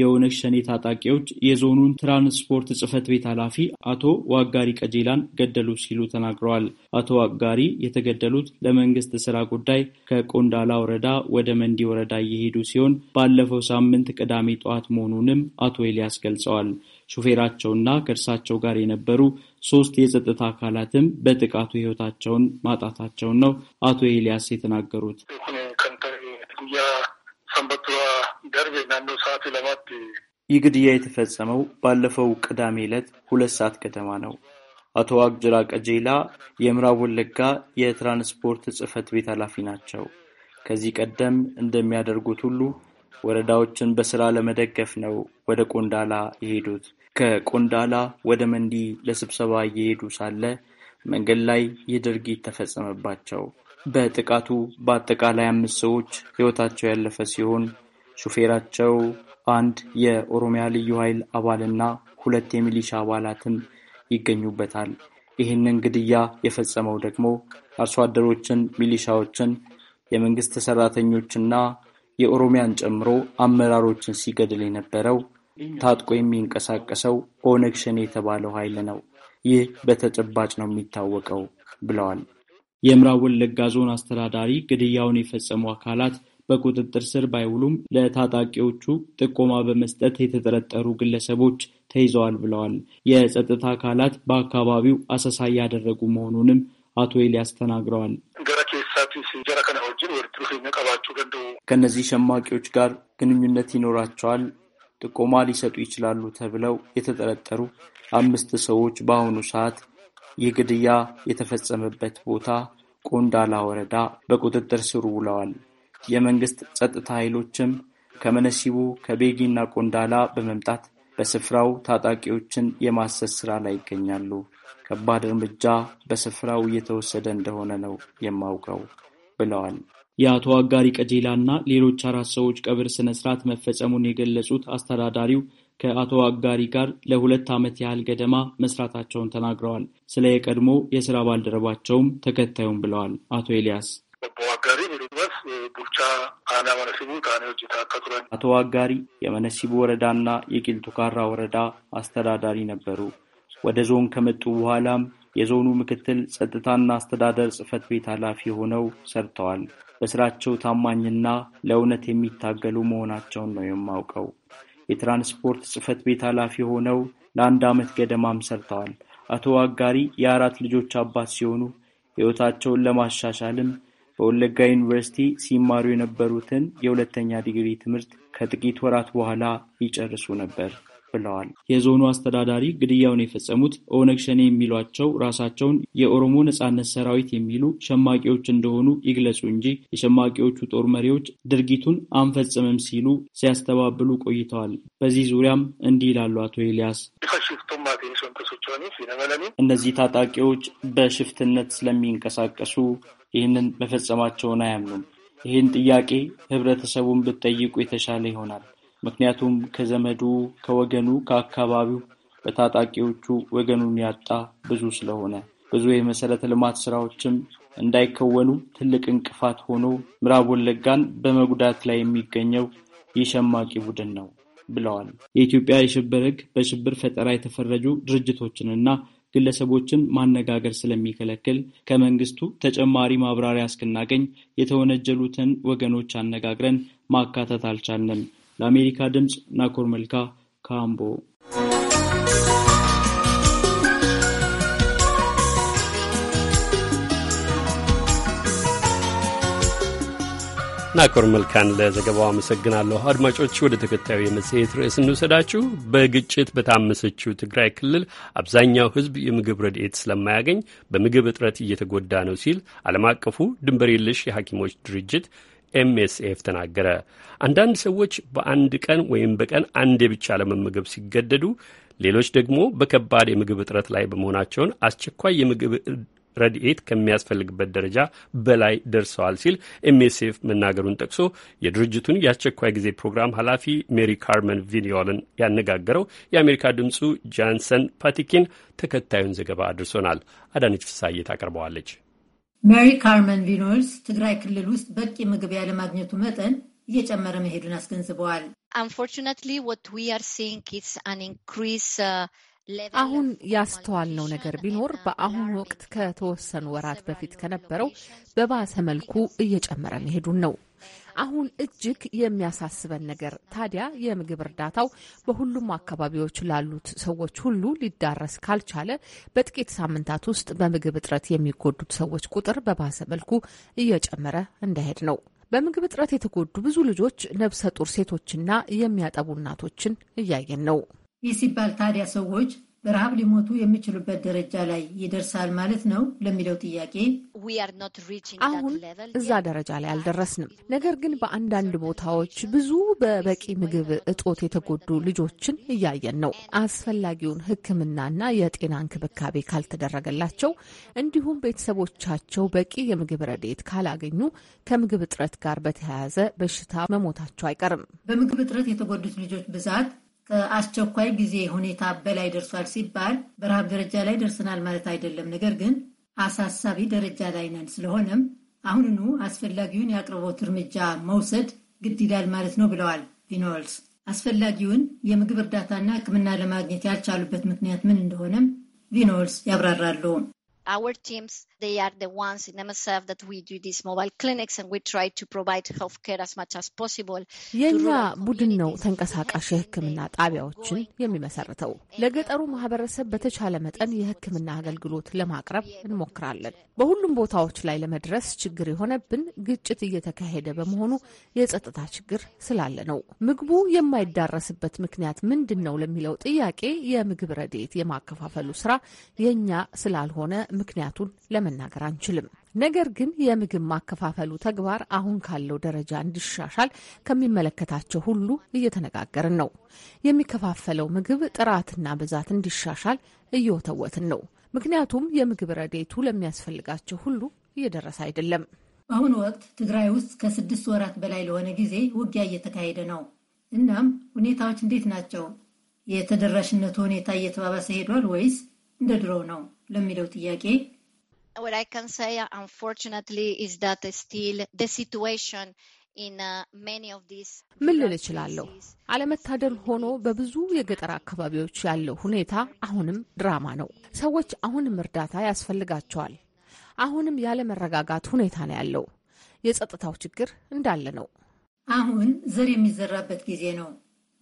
የኦነግ ሸኔ ታጣቂዎች የዞኑን ትራንስፖርት ጽሕፈት ቤት ኃላፊ አቶ ዋጋሪ ቀጄላን ገደሉ ሲሉ ተናግረዋል። አቶ ዋጋሪ የተገደሉት ለመንግስት ስራ ጉዳይ ከቆንዳላ ወረዳ ወደ መንዲ ወረዳ እየሄዱ ሲሆን ባለፈው ሳምንት ቅዳሜ ጠዋት መሆኑንም አቶ ኤልያስ ገልጸዋል። ሹፌራቸውና ከእርሳቸው ጋር የነበሩ ሶስት የጸጥታ አካላትም በጥቃቱ ህይወታቸውን ማጣታቸውን ነው አቶ ኤልያስ የተናገሩት። ይህ ግድያ የተፈጸመው ባለፈው ቅዳሜ ዕለት ሁለት ሰዓት ከተማ ነው። አቶ አግጅራ ቀጀላ የምዕራብ ወለጋ የትራንስፖርት ጽህፈት ቤት ኃላፊ ናቸው። ከዚህ ቀደም እንደሚያደርጉት ሁሉ ወረዳዎችን በስራ ለመደገፍ ነው ወደ ቆንዳላ የሄዱት። ከቆንዳላ ወደ መንዲ ለስብሰባ እየሄዱ ሳለ መንገድ ላይ ይህ ድርጊት ተፈጸመባቸው። በጥቃቱ በአጠቃላይ አምስት ሰዎች ሕይወታቸው ያለፈ ሲሆን ሹፌራቸው አንድ የኦሮሚያ ልዩ ኃይል አባልና ሁለት የሚሊሻ አባላትም ይገኙበታል። ይህንን ግድያ የፈጸመው ደግሞ አርሶ አደሮችን፣ ሚሊሻዎችን፣ የመንግስት ሰራተኞችና የኦሮሚያን ጨምሮ አመራሮችን ሲገድል የነበረው ታጥቆ የሚንቀሳቀሰው ኦነግ ሸኔ የተባለው ኃይል ነው። ይህ በተጨባጭ ነው የሚታወቀው ብለዋል። የምዕራብ ወለጋ ዞን አስተዳዳሪ ግድያውን የፈጸሙ አካላት በቁጥጥር ስር ባይውሉም ለታጣቂዎቹ ጥቆማ በመስጠት የተጠረጠሩ ግለሰቦች ተይዘዋል ብለዋል። የጸጥታ አካላት በአካባቢው አሰሳ እያደረጉ መሆኑንም አቶ ኤልያስ ተናግረዋል። ከእነዚህ ሸማቂዎች ጋር ግንኙነት ይኖራቸዋል፣ ጥቆማ ሊሰጡ ይችላሉ ተብለው የተጠረጠሩ አምስት ሰዎች በአሁኑ ሰዓት የግድያ የተፈጸመበት ቦታ ቆንዳላ ወረዳ በቁጥጥር ስር ውለዋል። የመንግስት ጸጥታ ኃይሎችም ከመነሲቡ ከቤጊና ቆንዳላ በመምጣት በስፍራው ታጣቂዎችን የማሰስ ሥራ ላይ ይገኛሉ። ከባድ እርምጃ በስፍራው እየተወሰደ እንደሆነ ነው የማውቀው ብለዋል። የአቶ አጋሪ ቀጄላ እና ሌሎች አራት ሰዎች ቀብር ስነ ስርዓት መፈጸሙን የገለጹት አስተዳዳሪው ከአቶ አጋሪ ጋር ለሁለት ዓመት ያህል ገደማ መስራታቸውን ተናግረዋል። ስለ የቀድሞ የስራ ባልደረባቸውም ተከታዩም ብለዋል አቶ ኤልያስ አቶ አጋሪ የመነሲቡ ወረዳና የቂልቱ ካራ ወረዳ አስተዳዳሪ ነበሩ። ወደ ዞን ከመጡ በኋላም የዞኑ ምክትል ጸጥታና አስተዳደር ጽፈት ቤት ኃላፊ ሆነው ሰርተዋል። በስራቸው ታማኝና ለእውነት የሚታገሉ መሆናቸውን ነው የማውቀው። የትራንስፖርት ጽህፈት ቤት ኃላፊ ሆነው ለአንድ ዓመት ገደማም ሰርተዋል። አቶ አጋሪ የአራት ልጆች አባት ሲሆኑ ሕይወታቸውን ለማሻሻልም በወለጋ ዩኒቨርሲቲ ሲማሩ የነበሩትን የሁለተኛ ዲግሪ ትምህርት ከጥቂት ወራት በኋላ ይጨርሱ ነበር። ብለዋል። የዞኑ አስተዳዳሪ ግድያውን የፈጸሙት ኦነግ ሸኔ የሚሏቸው ራሳቸውን የኦሮሞ ነጻነት ሰራዊት የሚሉ ሸማቂዎች እንደሆኑ ይግለጹ እንጂ የሸማቂዎቹ ጦር መሪዎች ድርጊቱን አንፈጽምም ሲሉ ሲያስተባብሉ ቆይተዋል። በዚህ ዙሪያም እንዲህ ይላሉ አቶ ኤልያስ። እነዚህ ታጣቂዎች በሽፍትነት ስለሚንቀሳቀሱ ይህንን መፈጸማቸውን አያምኑም። ይህን ጥያቄ ህብረተሰቡን ብትጠይቁ የተሻለ ይሆናል። ምክንያቱም ከዘመዱ ከወገኑ ከአካባቢው በታጣቂዎቹ ወገኑን ያጣ ብዙ ስለሆነ ብዙ የመሰረተ ልማት ስራዎችም እንዳይከወኑ ትልቅ እንቅፋት ሆኖ ምዕራብ ወለጋን በመጉዳት ላይ የሚገኘው የሸማቂ ቡድን ነው ብለዋል። የኢትዮጵያ የሽብር ሕግ በሽብር ፈጠራ የተፈረጁ ድርጅቶችንና ግለሰቦችን ማነጋገር ስለሚከለክል ከመንግስቱ ተጨማሪ ማብራሪያ እስክናገኝ የተወነጀሉትን ወገኖች አነጋግረን ማካተት አልቻለም። ለአሜሪካ ድምፅ ናኮር መልካ ከአምቦ። ናኮር መልካን ለዘገባው አመሰግናለሁ። አድማጮች ወደ ተከታዩ የመጽሔት ርዕስ እንውሰዳችሁ። በግጭት በታመሰችው ትግራይ ክልል አብዛኛው ሕዝብ የምግብ ረድኤት ስለማያገኝ በምግብ እጥረት እየተጎዳ ነው ሲል ዓለም አቀፉ ድንበር የለሽ የሐኪሞች ድርጅት ኤምኤስኤፍ ተናገረ። አንዳንድ ሰዎች በአንድ ቀን ወይም በቀን አንዴ ብቻ ለመመገብ ሲገደዱ፣ ሌሎች ደግሞ በከባድ የምግብ እጥረት ላይ በመሆናቸውን አስቸኳይ የምግብ ረድኤት ከሚያስፈልግበት ደረጃ በላይ ደርሰዋል ሲል ኤምኤስኤፍ መናገሩን ጠቅሶ የድርጅቱን የአስቸኳይ ጊዜ ፕሮግራም ኃላፊ ሜሪ ካርመን ቪኒዮልን ያነጋገረው የአሜሪካ ድምፁ ጃንሰን ፓቲኪን ተከታዩን ዘገባ አድርሶናል። አዳነች ፍሳዬ ታቀርበዋለች። ሜሪ ካርመን ቪኖልስ ትግራይ ክልል ውስጥ በቂ ምግብ ያለማግኘቱ መጠን እየጨመረ መሄዱን አስገንዝበዋል። uh, አሁን ያስተዋልነው ነገር ቢኖር በአሁኑ ወቅት ከተወሰኑ ወራት በፊት ከነበረው በባሰ መልኩ እየጨመረ መሄዱን ነው። አሁን እጅግ የሚያሳስበን ነገር ታዲያ የምግብ እርዳታው በሁሉም አካባቢዎች ላሉት ሰዎች ሁሉ ሊዳረስ ካልቻለ በጥቂት ሳምንታት ውስጥ በምግብ እጥረት የሚጎዱት ሰዎች ቁጥር በባሰ መልኩ እየጨመረ እንዳሄድ ነው። በምግብ እጥረት የተጎዱ ብዙ ልጆች፣ ነብሰ ጡር ሴቶችና የሚያጠቡ እናቶችን እያየን ነው። ይህ ሲባል ታዲያ ሰዎች በረሃብ ሊሞቱ የሚችሉበት ደረጃ ላይ ይደርሳል ማለት ነው ለሚለው ጥያቄ አሁን እዛ ደረጃ ላይ አልደረስንም። ነገር ግን በአንዳንድ ቦታዎች ብዙ በበቂ ምግብ እጦት የተጎዱ ልጆችን እያየን ነው። አስፈላጊውን ሕክምናና የጤና እንክብካቤ ካልተደረገላቸው፣ እንዲሁም ቤተሰቦቻቸው በቂ የምግብ ረድኤት ካላገኙ ከምግብ እጥረት ጋር በተያያዘ በሽታ መሞታቸው አይቀርም። በምግብ እጥረት የተጎዱት ልጆች ብዛት ከአስቸኳይ ጊዜ ሁኔታ በላይ ደርሷል ሲባል በረሃብ ደረጃ ላይ ደርሰናል ማለት አይደለም። ነገር ግን አሳሳቢ ደረጃ ላይ ነን። ስለሆነም አሁንኑ አስፈላጊውን የአቅርቦት እርምጃ መውሰድ ግድ ይላል ማለት ነው ብለዋል ቢኖልስ። አስፈላጊውን የምግብ እርዳታና ሕክምና ለማግኘት ያልቻሉበት ምክንያት ምን እንደሆነም ቪኖልስ ያብራራሉ። our teams, they are the ones in MSF that we do these mobile clinics and we try to provide healthcare as much as possible. የእኛ ቡድን ነው ተንቀሳቃሽ የሕክምና ጣቢያዎችን የሚመሰርተው። ለገጠሩ ማህበረሰብ በተቻለ መጠን የሕክምና አገልግሎት ለማቅረብ እንሞክራለን። በሁሉም ቦታዎች ላይ ለመድረስ ችግር የሆነብን ግጭት እየተካሄደ በመሆኑ የጸጥታ ችግር ስላለ ነው። ምግቡ የማይዳረስበት ምክንያት ምንድን ነው ለሚለው ጥያቄ የምግብ ረድኤት የማከፋፈሉ ስራ የእኛ ስላልሆነ ምክንያቱን ለመናገር አንችልም። ነገር ግን የምግብ ማከፋፈሉ ተግባር አሁን ካለው ደረጃ እንዲሻሻል ከሚመለከታቸው ሁሉ እየተነጋገርን ነው። የሚከፋፈለው ምግብ ጥራትና ብዛት እንዲሻሻል እየወተወትን ነው። ምክንያቱም የምግብ ረዴቱ ለሚያስፈልጋቸው ሁሉ እየደረሰ አይደለም። በአሁኑ ወቅት ትግራይ ውስጥ ከስድስት ወራት በላይ ለሆነ ጊዜ ውጊያ እየተካሄደ ነው። እናም ሁኔታዎች እንዴት ናቸው? የተደራሽነቱ ሁኔታ እየተባባሰ ሄዷል ወይስ እንደ ድሮ ነው ለሚለው ጥያቄ ምን ልል እችላለሁ? አለመታደል ሆኖ በብዙ የገጠር አካባቢዎች ያለው ሁኔታ አሁንም ድራማ ነው። ሰዎች አሁንም እርዳታ ያስፈልጋቸዋል። አሁንም ያለመረጋጋት ሁኔታ ነው ያለው። የጸጥታው ችግር እንዳለ ነው። አሁን ዘር የሚዘራበት ጊዜ ነው።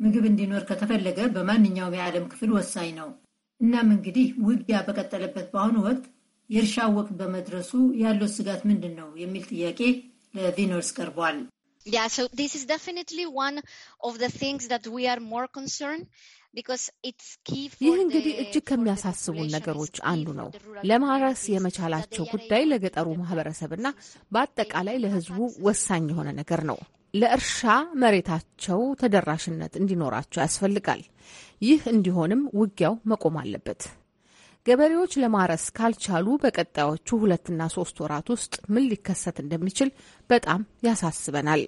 ምግብ እንዲኖር ከተፈለገ በማንኛውም የዓለም ክፍል ወሳኝ ነው። እናም እንግዲህ ውጊያ በቀጠለበት በአሁኑ ወቅት የእርሻ ወቅት በመድረሱ ያለው ስጋት ምንድን ነው የሚል ጥያቄ ለቪኖርስ ቀርቧል። Yeah, so this is definitely one of the things that we are more concerned ይህ እንግዲህ እጅግ ከሚያሳስቡን ነገሮች አንዱ ነው። ለማረስ የመቻላቸው ጉዳይ ለገጠሩ ማህበረሰብና በአጠቃላይ ለሕዝቡ ወሳኝ የሆነ ነገር ነው። ለእርሻ መሬታቸው ተደራሽነት እንዲኖራቸው ያስፈልጋል። ይህ እንዲሆንም ውጊያው መቆም አለበት። ገበሬዎች ለማረስ ካልቻሉ በቀጣዮቹ ሁለትና ሶስት ወራት ውስጥ ምን ሊከሰት እንደሚችል በጣም ያሳስበናል።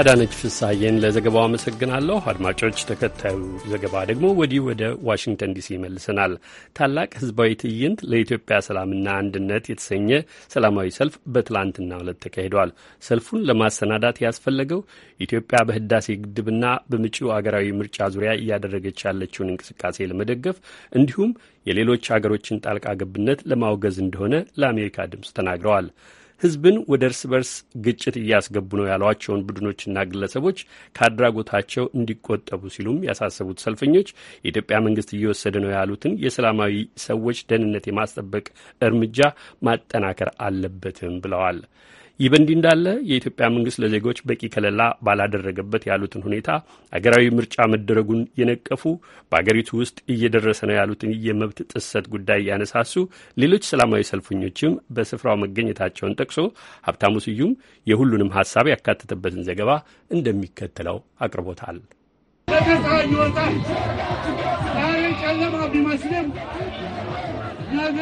አዳነች ፍሳሐዬን ለዘገባው አመሰግናለሁ። አድማጮች፣ ተከታዩ ዘገባ ደግሞ ወዲህ ወደ ዋሽንግተን ዲሲ ይመልሰናል። ታላቅ ህዝባዊ ትዕይንት ለኢትዮጵያ ሰላምና አንድነት የተሰኘ ሰላማዊ ሰልፍ በትላንትና ዕለት ተካሂዷል። ሰልፉን ለማሰናዳት ያስፈለገው ኢትዮጵያ በህዳሴ ግድብና በመጪው አገራዊ ምርጫ ዙሪያ እያደረገች ያለችውን እንቅስቃሴ ለመደገፍ እንዲሁም የሌሎች አገሮችን ጣልቃ ገብነት ለማውገዝ እንደሆነ ለአሜሪካ ድምፅ ተናግረዋል። ህዝብን ወደ እርስ በርስ ግጭት እያስገቡ ነው ያሏቸውን ቡድኖችና ግለሰቦች ከአድራጎታቸው እንዲቆጠቡ ሲሉም ያሳሰቡት ሰልፈኞች የኢትዮጵያ መንግስት እየወሰደ ነው ያሉትን የሰላማዊ ሰዎች ደህንነት የማስጠበቅ እርምጃ ማጠናከር አለበትም ብለዋል። ይህ በእንዲህ እንዳለ የኢትዮጵያ መንግስት ለዜጎች በቂ ከለላ ባላደረገበት ያሉትን ሁኔታ አገራዊ ምርጫ መደረጉን የነቀፉ በአገሪቱ ውስጥ እየደረሰ ነው ያሉትን የመብት ጥሰት ጉዳይ ያነሳሱ ሌሎች ሰላማዊ ሰልፈኞችም በስፍራው መገኘታቸውን ጠቅሶ ሀብታሙ ስዩም የሁሉንም ሀሳብ ያካተተበትን ዘገባ እንደሚከተለው አቅርቦታል። ጨለማ ቢመስልም ነገ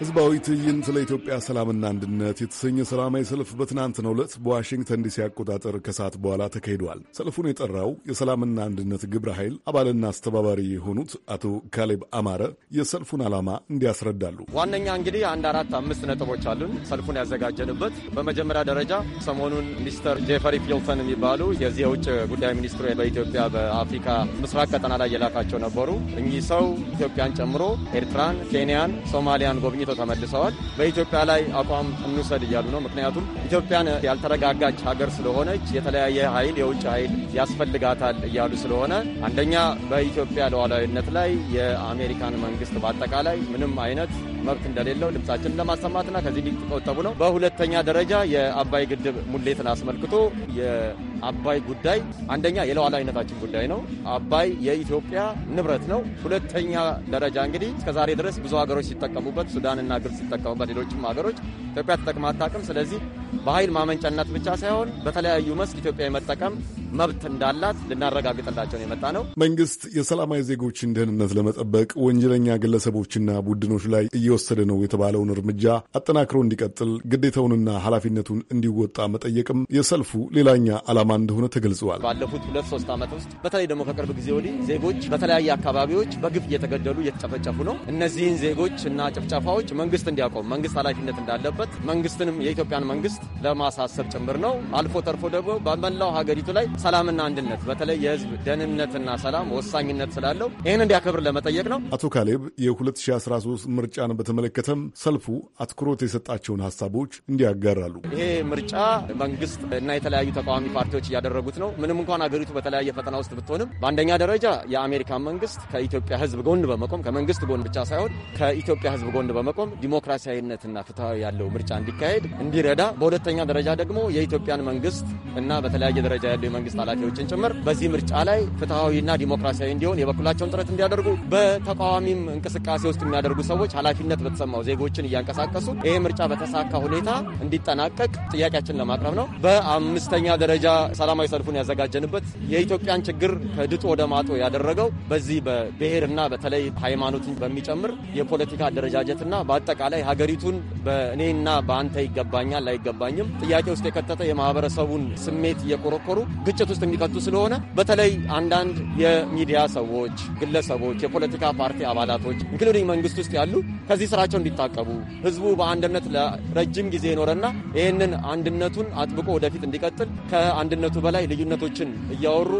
ህዝባዊ ትዕይንት ለኢትዮጵያ ሰላምና አንድነት የተሰኘ ሰላማዊ ሰልፍ በትናንትናው ዕለት በዋሽንግተን ዲሲ አቆጣጠር ከሰዓት በኋላ ተካሂደዋል። ሰልፉን የጠራው የሰላምና አንድነት ግብረ ኃይል አባልና አስተባባሪ የሆኑት አቶ ካሌብ አማረ የሰልፉን ዓላማ እንዲያስረዳሉ። ዋነኛ እንግዲህ አንድ አራት አምስት ነጥቦች አሉን ሰልፉን ያዘጋጀንበት። በመጀመሪያ ደረጃ ሰሞኑን ሚስተር ጄፈሪ ፊልተን የሚባሉ የዚህ የውጭ ጉዳይ ሚኒስትሩ በኢትዮጵያ በአፍሪካ ምስራቅ ቀጠና ላይ የላካቸው ነበሩ። እኚህ ሰው ኢትዮጵያን ጨምሮ ኤርትራን፣ ኬንያን፣ ሶማሊያን ጎብኝ ተለይተው ተመልሰዋል። በኢትዮጵያ ላይ አቋም እንውሰድ እያሉ ነው። ምክንያቱም ኢትዮጵያን ያልተረጋጋች ሀገር ስለሆነች የተለያየ ኃይል የውጭ ኃይል ያስፈልጋታል እያሉ ስለሆነ አንደኛ በኢትዮጵያ ሉዓላዊነት ላይ የአሜሪካን መንግስት በአጠቃላይ ምንም አይነት መብት እንደሌለው ድምጻችንን ለማሰማትና ከዚህ ሊቆጠቡ ነው። በሁለተኛ ደረጃ የአባይ ግድብ ሙሌትን አስመልክቶ የአባይ ጉዳይ አንደኛ የሉዓላዊነታችን ጉዳይ ነው። አባይ የኢትዮጵያ ንብረት ነው። ሁለተኛ ደረጃ እንግዲህ እስከዛሬ ድረስ ብዙ ሀገሮች ሲጠቀሙበት ሱዳን ሱዳንና ግብጽ ሲጠቀሙበት፣ ሌሎችም ሀገሮች ኢትዮጵያ ተጠቅማ አታውቅም። ስለዚህ በኃይል ማመንጫነት ብቻ ሳይሆን በተለያዩ መስክ ኢትዮጵያ የመጠቀም መብት እንዳላት ልናረጋግጥላቸው የመጣ ነው። መንግስት የሰላማዊ ዜጎችን ደህንነት ለመጠበቅ ወንጀለኛ ግለሰቦችና ቡድኖች ላይ እየወሰደ ነው የተባለውን እርምጃ አጠናክሮ እንዲቀጥል ግዴታውንና ኃላፊነቱን እንዲወጣ መጠየቅም የሰልፉ ሌላኛ ዓላማ እንደሆነ ተገልጸዋል። ባለፉት ሁለት ሶስት ዓመት ውስጥ በተለይ ደግሞ ከቅርብ ጊዜ ወዲህ ዜጎች በተለያየ አካባቢዎች በግፍ እየተገደሉ እየተጨፈጨፉ ነው። እነዚህን ዜጎች እና ጭፍጨፋዎች ነገሮች መንግስት እንዲያቆም መንግስት ኃላፊነት እንዳለበት መንግስትንም የኢትዮጵያን መንግስት ለማሳሰብ ጭምር ነው። አልፎ ተርፎ ደግሞ በመላው ሀገሪቱ ላይ ሰላምና አንድነት በተለይ የህዝብ ደህንነትና ሰላም ወሳኝነት ስላለው ይህን እንዲያከብር ለመጠየቅ ነው። አቶ ካሌብ የ2013 ምርጫን በተመለከተም ሰልፉ አትኩሮት የሰጣቸውን ሀሳቦች እንዲያጋራሉ። ይሄ ምርጫ መንግስት እና የተለያዩ ተቃዋሚ ፓርቲዎች እያደረጉት ነው። ምንም እንኳን ሀገሪቱ በተለያየ ፈተና ውስጥ ብትሆንም በአንደኛ ደረጃ የአሜሪካ መንግስት ከኢትዮጵያ ህዝብ ጎን በመቆም ከመንግስት ጎን ብቻ ሳይሆን ከኢትዮጵያ ህዝብ ጎን በመቆም በመቆም ዲሞክራሲያዊነትና ፍትሐዊ ያለው ምርጫ እንዲካሄድ እንዲረዳ፣ በሁለተኛ ደረጃ ደግሞ የኢትዮጵያን መንግስት እና በተለያየ ደረጃ ያለው የመንግስት ኃላፊዎችን ጭምር በዚህ ምርጫ ላይ ፍትሐዊና ዲሞክራሲያዊ እንዲሆን የበኩላቸውን ጥረት እንዲያደርጉ፣ በተቃዋሚም እንቅስቃሴ ውስጥ የሚያደርጉ ሰዎች ኃላፊነት በተሰማው ዜጎችን እያንቀሳቀሱ ይህ ምርጫ በተሳካ ሁኔታ እንዲጠናቀቅ ጥያቄያችን ለማቅረብ ነው። በአምስተኛ ደረጃ ሰላማዊ ሰልፉን ያዘጋጀንበት የኢትዮጵያን ችግር ከድጡ ወደ ማጦ ያደረገው በዚህ በብሔርና በተለይ ሃይማኖትን በሚጨምር የፖለቲካ አደረጃጀትና በአጠቃላይ ሀገሪቱን በእኔና በአንተ ይገባኛል አይገባኝም ጥያቄ ውስጥ የከተተ የማህበረሰቡን ስሜት እየቆረቆሩ ግጭት ውስጥ የሚከቱ ስለሆነ በተለይ አንዳንድ የሚዲያ ሰዎች፣ ግለሰቦች፣ የፖለቲካ ፓርቲ አባላቶች ኢንክሉዲንግ መንግስት ውስጥ ያሉ ከዚህ ስራቸው እንዲታቀቡ ህዝቡ በአንድነት ለረጅም ጊዜ የኖረና ይህንን አንድነቱን አጥብቆ ወደፊት እንዲቀጥል ከአንድነቱ በላይ ልዩነቶችን እያወሩ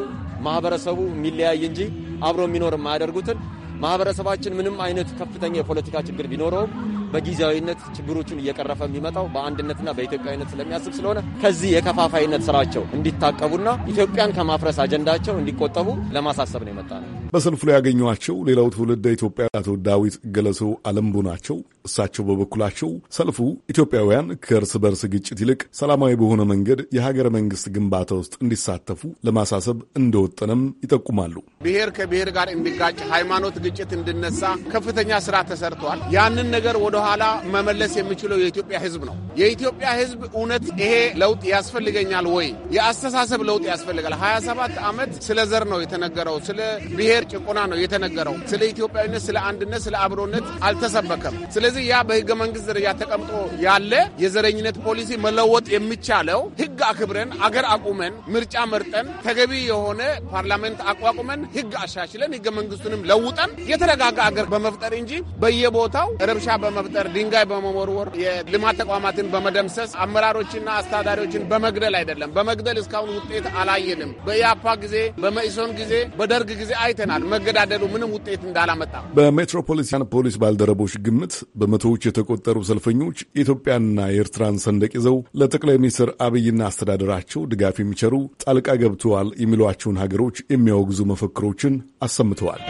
ማህበረሰቡ የሚለያይ እንጂ አብሮ የሚኖር የማያደርጉትን ማህበረሰባችን ምንም አይነት ከፍተኛ የፖለቲካ ችግር ቢኖረውም በጊዜያዊነት ችግሮቹን እየቀረፈ የሚመጣው በአንድነትና በኢትዮጵያዊነት ስለሚያስብ ስለሆነ ከዚህ የከፋፋይነት ስራቸው እንዲታቀቡና ኢትዮጵያን ከማፍረስ አጀንዳቸው እንዲቆጠቡ ለማሳሰብ ነው የመጣ ነው። በሰልፉ ላይ ያገኟቸው ሌላው ትውልደ ኢትዮጵያ አቶ ዳዊት ገለሶ አለምቡ ናቸው። እሳቸው በበኩላቸው ሰልፉ ኢትዮጵያውያን ከእርስ በርስ ግጭት ይልቅ ሰላማዊ በሆነ መንገድ የሀገረ መንግስት ግንባታ ውስጥ እንዲሳተፉ ለማሳሰብ እንደወጠነም ይጠቁማሉ። ብሔር ከብሔር ጋር እንዲጋጭ፣ ሃይማኖት ግጭት እንዲነሳ ከፍተኛ ስራ ተሰርተዋል። ያንን ነገር ወደኋላ መመለስ የሚችለው የኢትዮጵያ ህዝብ ነው። የኢትዮጵያ ህዝብ እውነት ይሄ ለውጥ ያስፈልገኛል ወይ? የአስተሳሰብ ለውጥ ያስፈልጋል። 27 ዓመት ስለ ዘር ነው የተነገረው፣ ስለ ብሔር ጭቆና ነው የተነገረው። ስለ ኢትዮጵያዊነት፣ ስለ አንድነት፣ ስለ አብሮነት አልተሰበከም። ስለዚህ ስለዚህ ያ በህገ መንግስት ደረጃ ተቀምጦ ያለ የዘረኝነት ፖሊሲ መለወጥ የሚቻለው ህግ አክብረን አገር አቁመን ምርጫ መርጠን ተገቢ የሆነ ፓርላመንት አቋቁመን ህግ አሻሽለን ህገ መንግስቱንም ለውጠን የተረጋጋ አገር በመፍጠር እንጂ በየቦታው ረብሻ በመፍጠር ድንጋይ በመወርወር የልማት ተቋማትን በመደምሰስ አመራሮችና አስተዳዳሪዎችን በመግደል አይደለም። በመግደል እስካሁን ውጤት አላየንም። በኢያፓ ጊዜ፣ በመኢሶን ጊዜ፣ በደርግ ጊዜ አይተናል። መገዳደሉ ምንም ውጤት እንዳላመጣ በሜትሮፖሊታን ፖሊስ ባልደረቦች ግምት በመቶዎች የተቆጠሩ ሰልፈኞች የኢትዮጵያንና የኤርትራን ሰንደቅ ይዘው ለጠቅላይ ሚኒስትር አብይና አስተዳደራቸው ድጋፍ የሚቸሩ ጣልቃ ገብተዋል የሚሏቸውን ሀገሮች የሚያወግዙ መፈክሮችን አሰምተዋል።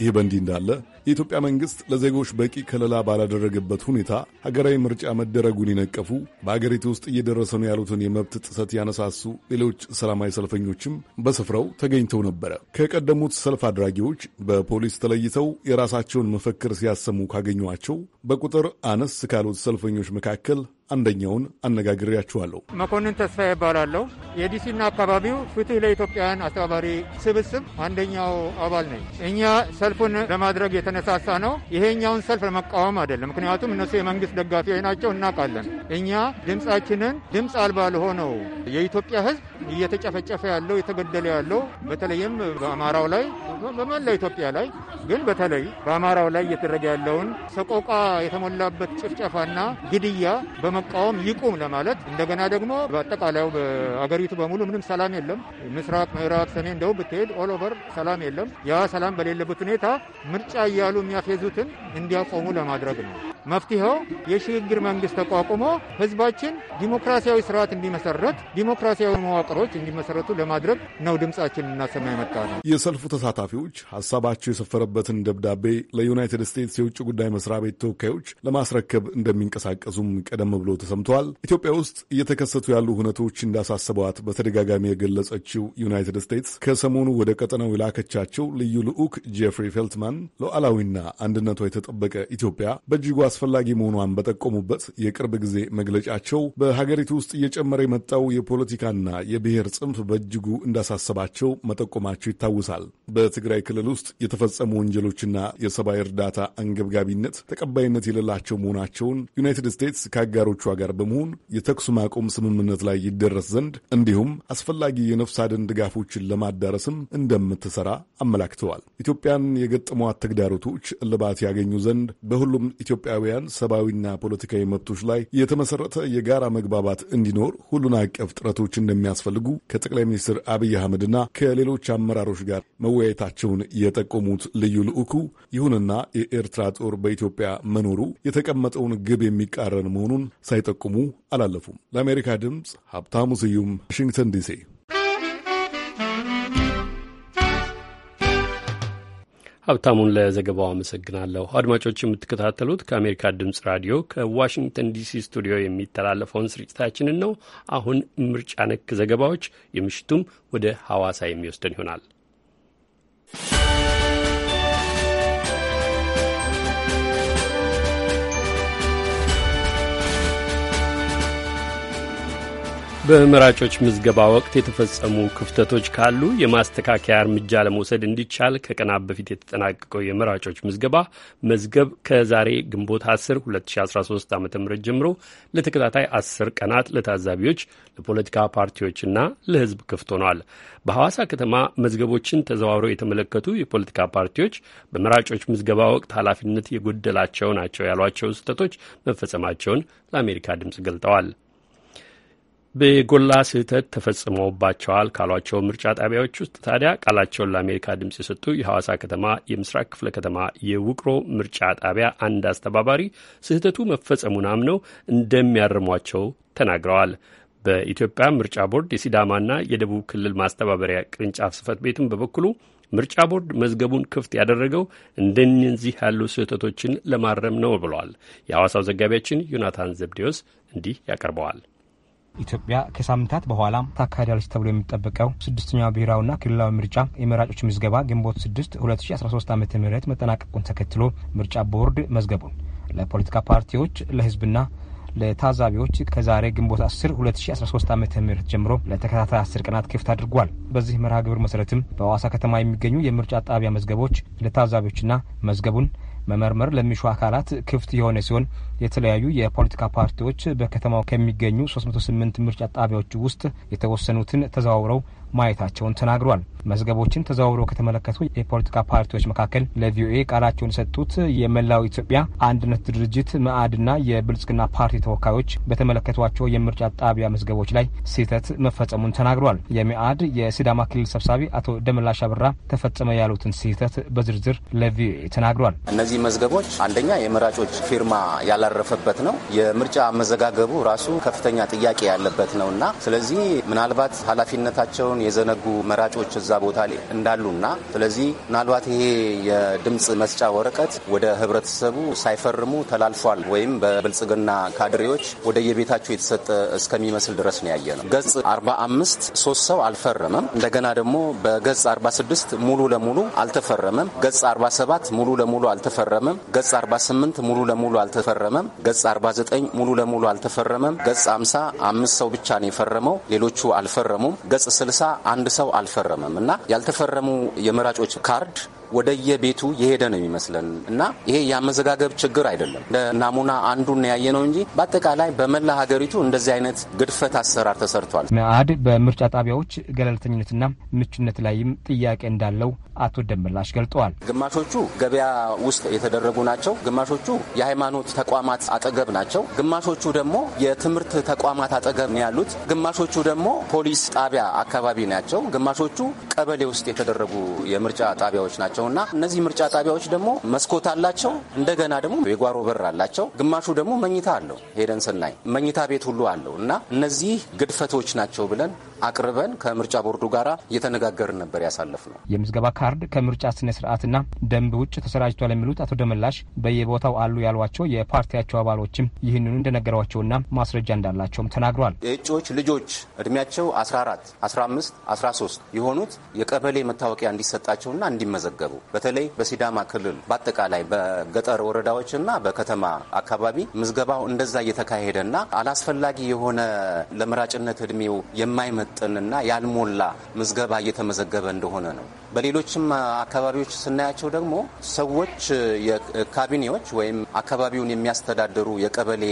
ይህ በእንዲህ እንዳለ የኢትዮጵያ መንግሥት ለዜጎች በቂ ከለላ ባላደረገበት ሁኔታ ሀገራዊ ምርጫ መደረጉን የነቀፉ በአገሪቱ ውስጥ እየደረሰ ነው ያሉትን የመብት ጥሰት ያነሳሱ ሌሎች ሰላማዊ ሰልፈኞችም በስፍራው ተገኝተው ነበረ። ከቀደሙት ሰልፍ አድራጊዎች በፖሊስ ተለይተው የራሳቸውን መፈክር ሲያሰሙ ካገኟቸው በቁጥር አነስ ካሉት ሰልፈኞች መካከል አንደኛውን አነጋግሬያችኋለሁ። መኮንን ተስፋ ይባላለሁ። የዲሲና አካባቢው ፍትህ ለኢትዮጵያውያን አስተባባሪ ስብስብ አንደኛው አባል ነኝ። እኛ ሰልፉን ለማድረግ የተነ የተነሳሳ ነው። ይሄኛውን ሰልፍ ለመቃወም አይደለም። ምክንያቱም እነሱ የመንግስት ደጋፊዎች ናቸው፣ እናውቃለን። እኛ ድምፃችንን ድምፅ አልባ ለሆነው የኢትዮጵያ ህዝብ እየተጨፈጨፈ ያለው የተገደለ ያለው በተለይም በአማራው ላይ በመላ ኢትዮጵያ ላይ ግን በተለይ በአማራው ላይ እየተደረገ ያለውን ሰቆቃ የተሞላበት ጭፍጨፋና ግድያ በመቃወም ይቁም ለማለት እንደገና ደግሞ በአጠቃላዩ በአገሪቱ በሙሉ ምንም ሰላም የለም። ምስራቅ፣ ምዕራብ፣ ሰሜን፣ ደቡብ ብትሄድ ኦል ኦቨር ሰላም የለም። ያ ሰላም በሌለበት ሁኔታ ምርጫ እያሉ የሚያፌዙትን እንዲያቆሙ ለማድረግ ነው። መፍትሄው የሽግግር መንግስት ተቋቁሞ ህዝባችን ዲሞክራሲያዊ ስርዓት እንዲመሰረት፣ ዲሞክራሲያዊ መዋቅሮች እንዲመሰረቱ ለማድረግ ነው ድምፃችን እናሰማ የመጣ ነው። የሰልፉ ተሳታፊዎች ሀሳባቸው የሰፈረበትን ደብዳቤ ለዩናይትድ ስቴትስ የውጭ ጉዳይ መስሪያ ቤት ተወካዮች ለማስረከብ እንደሚንቀሳቀሱም ቀደም ብሎ ተሰምተዋል። ኢትዮጵያ ውስጥ እየተከሰቱ ያሉ ሁነቶች እንዳሳሰቧት በተደጋጋሚ የገለጸችው ዩናይትድ ስቴትስ ከሰሞኑ ወደ ቀጠናው የላከቻቸው ልዩ ልዑክ ጄፍሪ ፌልትማን ሉዓላዊና አንድነቷ የተጠበቀ ኢትዮጵያ በእጅጉ አስፈላጊ መሆኗን በጠቆሙበት የቅርብ ጊዜ መግለጫቸው በሀገሪቱ ውስጥ እየጨመረ የመጣው የፖለቲካና የብሔር ጽንፍ በእጅጉ እንዳሳሰባቸው መጠቆማቸው ይታወሳል። በትግራይ ክልል ውስጥ የተፈጸሙ ወንጀሎችና የሰብአዊ እርዳታ አንገብጋቢነት ተቀባይነት የሌላቸው መሆናቸውን ዩናይትድ ስቴትስ ከአጋሮቿ ጋር በመሆን የተኩስ ማቆም ስምምነት ላይ ይደረስ ዘንድ እንዲሁም አስፈላጊ የነፍስ አድን ድጋፎችን ለማዳረስም እንደምትሰራ አመላክተዋል። ኢትዮጵያን የገጠሟት ተግዳሮቶች እልባት ያገኙ ዘንድ በሁሉም ኢትዮጵያዊ ኢትዮጵያውያን ሰብአዊና ፖለቲካዊ መብቶች ላይ የተመሰረተ የጋራ መግባባት እንዲኖር ሁሉን አቀፍ ጥረቶች እንደሚያስፈልጉ ከጠቅላይ ሚኒስትር አብይ አህመድና ከሌሎች አመራሮች ጋር መወያየታቸውን የጠቆሙት ልዩ ልዑኩ፣ ይሁንና የኤርትራ ጦር በኢትዮጵያ መኖሩ የተቀመጠውን ግብ የሚቃረን መሆኑን ሳይጠቁሙ አላለፉም። ለአሜሪካ ድምፅ ሀብታሙ ስዩም ዋሽንግተን ዲሲ ሀብታሙን ለዘገባው አመሰግናለሁ። አድማጮች የምትከታተሉት ከአሜሪካ ድምፅ ራዲዮ ከዋሽንግተን ዲሲ ስቱዲዮ የሚተላለፈውን ስርጭታችንን ነው። አሁን ምርጫ ነክ ዘገባዎች የምሽቱም ወደ ሐዋሳ የሚወስደን ይሆናል። በመራጮች ምዝገባ ወቅት የተፈጸሙ ክፍተቶች ካሉ የማስተካከያ እርምጃ ለመውሰድ እንዲቻል ከቀናት በፊት የተጠናቀቀው የመራጮች ምዝገባ መዝገብ ከዛሬ ግንቦት 10 2013 ዓ ም ጀምሮ ለተከታታይ 10 ቀናት ለታዛቢዎች፣ ለፖለቲካ ፓርቲዎችና ለሕዝብ ክፍት ሆኗል። በሐዋሳ ከተማ መዝገቦችን ተዘዋውረው የተመለከቱ የፖለቲካ ፓርቲዎች በመራጮች ምዝገባ ወቅት ኃላፊነት የጎደላቸው ናቸው ያሏቸው ስህተቶች መፈጸማቸውን ለአሜሪካ ድምፅ ገልጠዋል። በጎላ ስህተት ተፈጽሞባቸዋል ካሏቸው ምርጫ ጣቢያዎች ውስጥ ታዲያ ቃላቸውን ለአሜሪካ ድምፅ የሰጡ የሐዋሳ ከተማ የምስራቅ ክፍለ ከተማ የውቅሮ ምርጫ ጣቢያ አንድ አስተባባሪ ስህተቱ መፈጸሙን አምነው እንደሚያርሟቸው ተናግረዋል። በኢትዮጵያ ምርጫ ቦርድ የሲዳማና የደቡብ ክልል ማስተባበሪያ ቅርንጫፍ ጽህፈት ቤትም በበኩሉ ምርጫ ቦርድ መዝገቡን ክፍት ያደረገው እንደነዚህ ያሉ ስህተቶችን ለማረም ነው ብለዋል። የሐዋሳው ዘጋቢያችን ዮናታን ዘብዴዎስ እንዲህ ያቀርበዋል። ኢትዮጵያ ከሳምንታት በኋላ ታካሂዳለች ተብሎ የሚጠበቀው ስድስተኛው ብሔራዊና ክልላዊ ምርጫ የመራጮች ምዝገባ ግንቦት 6 2013 ዓ ም መጠናቀቁን ተከትሎ ምርጫ ቦርድ መዝገቡን ለፖለቲካ ፓርቲዎች ለህዝብና ለታዛቢዎች ከዛሬ ግንቦት 10 2013 ዓ ም ጀምሮ ለተከታታይ 10 ቀናት ክፍት አድርጓል። በዚህ መርሃ ግብር መሰረትም በሐዋሳ ከተማ የሚገኙ የምርጫ ጣቢያ መዝገቦች ለታዛቢዎችና መዝገቡን መመርመር ለሚሹ አካላት ክፍት የሆነ ሲሆን የተለያዩ የፖለቲካ ፓርቲዎች በከተማው ከሚገኙ 308 ምርጫ ጣቢያዎች ውስጥ የተወሰኑትን ተዘዋውረው ማየታቸውን ተናግሯል። መዝገቦችን ተዘዋውሮ ከተመለከቱ የፖለቲካ ፓርቲዎች መካከል ለቪኦኤ ቃላቸውን የሰጡት የመላው ኢትዮጵያ አንድነት ድርጅት መአድና የብልጽግና ፓርቲ ተወካዮች በተመለከቷቸው የምርጫ ጣቢያ መዝገቦች ላይ ስህተት መፈጸሙን ተናግሯል። የመአድ የሲዳማ ክልል ሰብሳቢ አቶ ደመላሽ አበራ ተፈጸመ ያሉትን ስህተት በዝርዝር ለቪኦኤ ተናግሯል። እነዚህ መዝገቦች አንደኛ የመራጮች ፊርማ ያላረፈበት ነው። የምርጫ መዘጋገቡ ራሱ ከፍተኛ ጥያቄ ያለበት ነው እና ስለዚህ ምናልባት ኃላፊነታቸውን የዘነጉ መራጮች እዛ ቦታ እንዳሉና ስለዚህ ምናልባት ይሄ የድምፅ መስጫ ወረቀት ወደ ህብረተሰቡ ሳይፈርሙ ተላልፏል ወይም በብልጽግና ካድሬዎች ወደየቤታቸው የተሰጠ እስከሚመስል ድረስ ነው ያየ ነው። ገጽ 45 ሶስት ሰው አልፈረመም። እንደገና ደግሞ በገጽ 46 ሙሉ ለሙሉ አልተፈረመም። ገጽ 47 ሙሉ ለሙሉ አልተፈረመም። ገጽ 48 ሙሉ ለሙሉ አልተፈረመም። ገጽ 49 ሙሉ ለሙሉ አልተፈረመም። ገጽ 50 አምስት ሰው ብቻ ነው የፈረመው፣ ሌሎቹ አልፈረሙም። ገጽ 60 አንድ ሰው አልፈረመም እና ያልተፈረሙ የመራጮች ካርድ ወደየቤቱ የሄደ ነው የሚመስለን እና ይሄ የአመዘጋገብ ችግር አይደለም። ለናሙና አንዱን ያየ ነው እንጂ በአጠቃላይ በመላ ሀገሪቱ እንደዚህ አይነት ግድፈት አሰራር ተሰርቷል። መአህድ በምርጫ ጣቢያዎች ገለልተኝነትና ምቹነት ላይም ጥያቄ እንዳለው አቶ ደመላሽ ገልጠዋል። ግማሾቹ ገበያ ውስጥ የተደረጉ ናቸው፣ ግማሾቹ የሃይማኖት ተቋማት አጠገብ ናቸው፣ ግማሾቹ ደግሞ የትምህርት ተቋማት አጠገብ ነው ያሉት፣ ግማሾቹ ደግሞ ፖሊስ ጣቢያ አካባቢ ናቸው፣ ግማሾቹ ቀበሌ ውስጥ የተደረጉ የምርጫ ጣቢያዎች ናቸው። ናቸው እና እነዚህ ምርጫ ጣቢያዎች ደግሞ መስኮት አላቸው። እንደገና ደግሞ የጓሮ በር አላቸው። ግማሹ ደግሞ መኝታ አለው። ሄደን ስናይ መኝታ ቤት ሁሉ አለው እና እነዚህ ግድፈቶች ናቸው ብለን አቅርበን ከምርጫ ቦርዱ ጋር እየተነጋገርን ነበር ያሳለፍ ነው። የምዝገባ ካርድ ከምርጫ ስነ ስርዓትና ደንብ ውጭ ተሰራጅቷል የሚሉት አቶ ደመላሽ በየቦታው አሉ ያሏቸው የፓርቲያቸው አባሎችም ይህንኑ እንደነገሯቸውና ማስረጃ እንዳላቸውም ተናግሯል። የእጩዎች ልጆች እድሜያቸው 14፣ 15፣ 13 የሆኑት የቀበሌ መታወቂያ እንዲሰጣቸውና እንዲመዘገቡ በተለይ በሲዳማ ክልል በአጠቃላይ በገጠር ወረዳዎችና በከተማ አካባቢ ምዝገባው እንደዛ እየተካሄደና አላስፈላጊ የሆነ ለመራጭነት እድሜው የማይመ የሚመጥንና ያልሞላ ምዝገባ እየተመዘገበ እንደሆነ ነው። በሌሎችም አካባቢዎች ስናያቸው ደግሞ ሰዎች የካቢኔዎች ወይም አካባቢውን የሚያስተዳድሩ የቀበሌ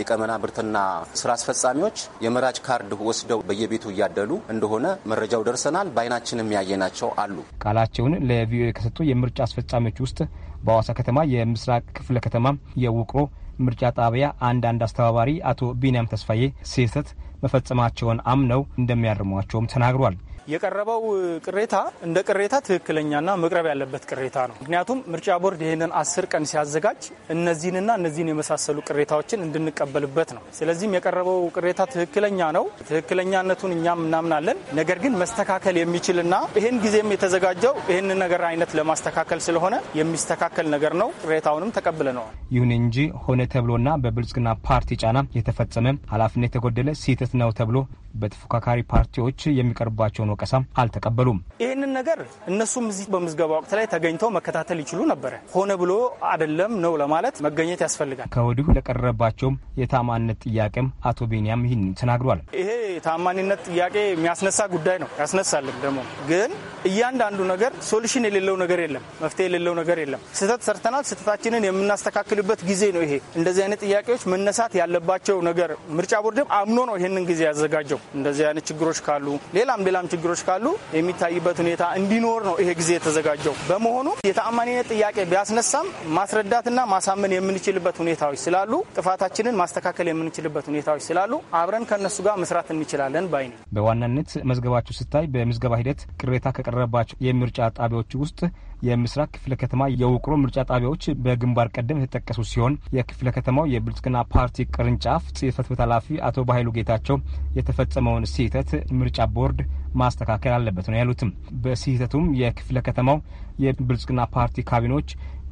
ሊቀመናብርትና ስራ አስፈጻሚዎች የመራጭ ካርድ ወስደው በየቤቱ እያደሉ እንደሆነ መረጃው ደርሰናል። በአይናችንም ያየናቸው አሉ። ቃላቸውን ለቪኦኤ ከሰጡ የምርጫ አስፈጻሚዎች ውስጥ በሐዋሳ ከተማ የምስራቅ ክፍለ ከተማ የውቅሮ ምርጫ ጣቢያ አንዳንድ አስተባባሪ አቶ ቢንያም ተስፋዬ ስህተት መፈጸማቸውን አምነው እንደሚያርሟቸውም ተናግሯል። የቀረበው ቅሬታ እንደ ቅሬታ ትክክለኛና መቅረብ ያለበት ቅሬታ ነው። ምክንያቱም ምርጫ ቦርድ ይህንን አስር ቀን ሲያዘጋጅ እነዚህንና እነዚህን የመሳሰሉ ቅሬታዎችን እንድንቀበልበት ነው። ስለዚህም የቀረበው ቅሬታ ትክክለኛ ነው። ትክክለኛነቱን እኛም እናምናለን። ነገር ግን መስተካከል የሚችልና ይህን ጊዜም የተዘጋጀው ይህንን ነገር አይነት ለማስተካከል ስለሆነ የሚስተካከል ነገር ነው። ቅሬታውንም ተቀብለነዋል። ይሁን እንጂ ሆነ ተብሎና በብልጽግና ፓርቲ ጫና የተፈጸመ ኃላፊነት የተጎደለ ስህተት ነው ተብሎ በተፎካካሪ ፓርቲዎች የሚቀርባቸው ነው ወቀሳም አልተቀበሉም። ይህንን ነገር እነሱም እዚህ በምዝገባ ወቅት ላይ ተገኝተው መከታተል ይችሉ ነበረ። ሆነ ብሎ አይደለም ነው ለማለት መገኘት ያስፈልጋል። ከወዲሁ ለቀረበባቸውም የታማኝነት ጥያቄም አቶ ቤንያም ይህን ተናግሯል። ይሄ ታማኝነት ጥያቄ የሚያስነሳ ጉዳይ ነው ያስነሳልም። ደግሞ ግን እያንዳንዱ ነገር ሶሉሽን የሌለው ነገር የለም፣ መፍትሄ የሌለው ነገር የለም። ስህተት ሰርተናል፣ ስህተታችንን የምናስተካክልበት ጊዜ ነው ይሄ። እንደዚህ አይነት ጥያቄዎች መነሳት ያለባቸው ነገር ምርጫ ቦርድም አምኖ ነው ይህንን ጊዜ ያዘጋጀው። እንደዚህ አይነት ችግሮች ካሉ ሌላም ሌላም ችግሮች ካሉ የሚታይበት ሁኔታ እንዲኖር ነው ይሄ ጊዜ የተዘጋጀው። በመሆኑ የተአማኒነት ጥያቄ ቢያስነሳም ማስረዳትና ማሳመን የምንችልበት ሁኔታዎች ስላሉ፣ ጥፋታችንን ማስተካከል የምንችልበት ሁኔታዎች ስላሉ አብረን ከነሱ ጋር መስራት እንችላለን ባይ ነው። በዋናነት መዝገባችሁ ስታይ በምዝገባ ሂደት ቅሬታ ከቀረባቸው የምርጫ ጣቢያዎች ውስጥ የምስራቅ ክፍለ ከተማ የውቅሮ ምርጫ ጣቢያዎች በግንባር ቀደም የተጠቀሱ ሲሆን የክፍለ ከተማው የብልጽግና ፓርቲ ቅርንጫፍ ጽህፈት ቤት ኃላፊ አቶ ባይሉ ጌታቸው የተፈጸመውን ስህተት ምርጫ ቦርድ ማስተካከል አለበት ነው ያሉትም። በስህተቱም የክፍለ ከተማው የብልጽግና ፓርቲ ካቢኖች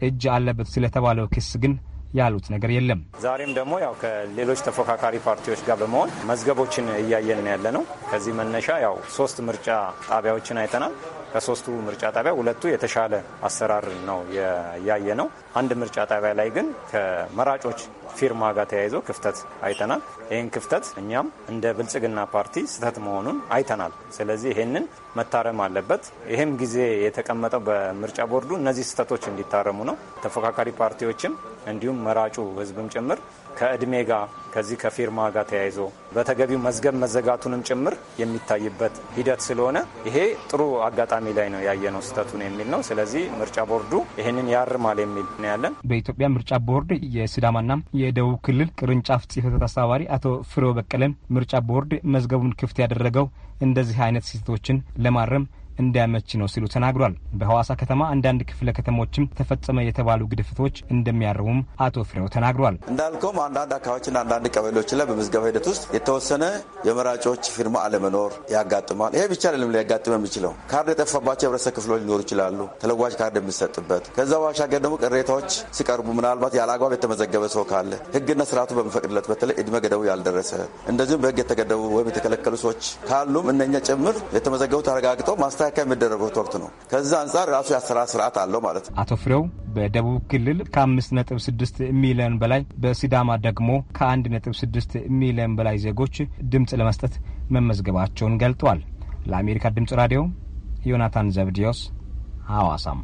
እጅ አለበት ስለተባለው ክስ ግን ያሉት ነገር የለም። ዛሬም ደግሞ ያው ከሌሎች ተፎካካሪ ፓርቲዎች ጋር በመሆን መዝገቦችን እያየን ያለ ነው። ከዚህ መነሻ ያው ሶስት ምርጫ ጣቢያዎችን አይተናል። ከሶስቱ ምርጫ ጣቢያ ሁለቱ የተሻለ አሰራር ነው ያየ ነው። አንድ ምርጫ ጣቢያ ላይ ግን ከመራጮች ፊርማ ጋር ተያይዞ ክፍተት አይተናል። ይህን ክፍተት እኛም እንደ ብልጽግና ፓርቲ ስህተት መሆኑን አይተናል። ስለዚህ ይህንን መታረም አለበት። ይህም ጊዜ የተቀመጠው በምርጫ ቦርዱ እነዚህ ስህተቶች እንዲታረሙ ነው። ተፎካካሪ ፓርቲዎችም እንዲሁም መራጩ ህዝብም ጭምር ከእድሜ ጋር ከዚህ ከፊርማ ጋር ተያይዞ በተገቢው መዝገብ መዘጋቱንም ጭምር የሚታይበት ሂደት ስለሆነ ይሄ ጥሩ አጋጣሚ ላይ ነው ያየነው ስህተቱን የሚል ነው። ስለዚህ ምርጫ ቦርዱ ይህንን ያርማል የሚል ነው ያለን። በኢትዮጵያ ምርጫ ቦርድ የሲዳማና የደቡብ ክልል ቅርንጫፍ ጽሕፈት አስተባባሪ አቶ ፍሬው በቀለን ምርጫ ቦርድ መዝገቡን ክፍት ያደረገው እንደዚህ አይነት ስህተቶችን ለማረም እንዳያመች ነው ሲሉ ተናግሯል። በሐዋሳ ከተማ አንዳንድ ክፍለ ከተሞችም ተፈጸመ የተባሉ ግድፍቶች እንደሚያርሙም አቶ ፍሬው ተናግሯል። እንዳልከውም አንዳንድ አካባቢዎችና አንዳንድ ቀበሌዎች ላይ በምዝገባ ሂደት ውስጥ የተወሰነ የመራጮች ፊርማ አለመኖር ያጋጥማል። ይሄ ብቻ አይደለም ሊያጋጥም የሚችለው ካርድ የጠፋባቸው የህብረተሰብ ክፍሎች ሊኖሩ ይችላሉ። ተለዋጭ ካርድ የሚሰጥበት ከዛ ባሻገር ደግሞ ቅሬታዎች ሲቀርቡ ምናልባት ያለ አግባብ የተመዘገበ ሰው ካለ ህግና ስርዓቱ በሚፈቅድለት በተለይ እድሜ ገደቡ ያልደረሰ እንደዚሁም በህግ የተገደቡ ወይም የተከለከሉ ሰዎች ካሉም እነኛ ጭምር የተመዘገቡ ተረጋግጠው ማስተካከል ማስተካከያ የሚደረገው ወቅት ነው። ከዛ አንጻር ራሱ የአሰራር ስርዓት አለው ማለት ነው። አቶ ፍሬው በደቡብ ክልል ከአምስት ነጥብ ስድስት ሚሊዮን በላይ በሲዳማ ደግሞ ከአንድ ነጥብ ስድስት ሚሊዮን በላይ ዜጎች ድምፅ ለመስጠት መመዝገባቸውን ገልጠዋል። ለአሜሪካ ድምፅ ራዲዮ ዮናታን ዘብዲዮስ ሐዋሳም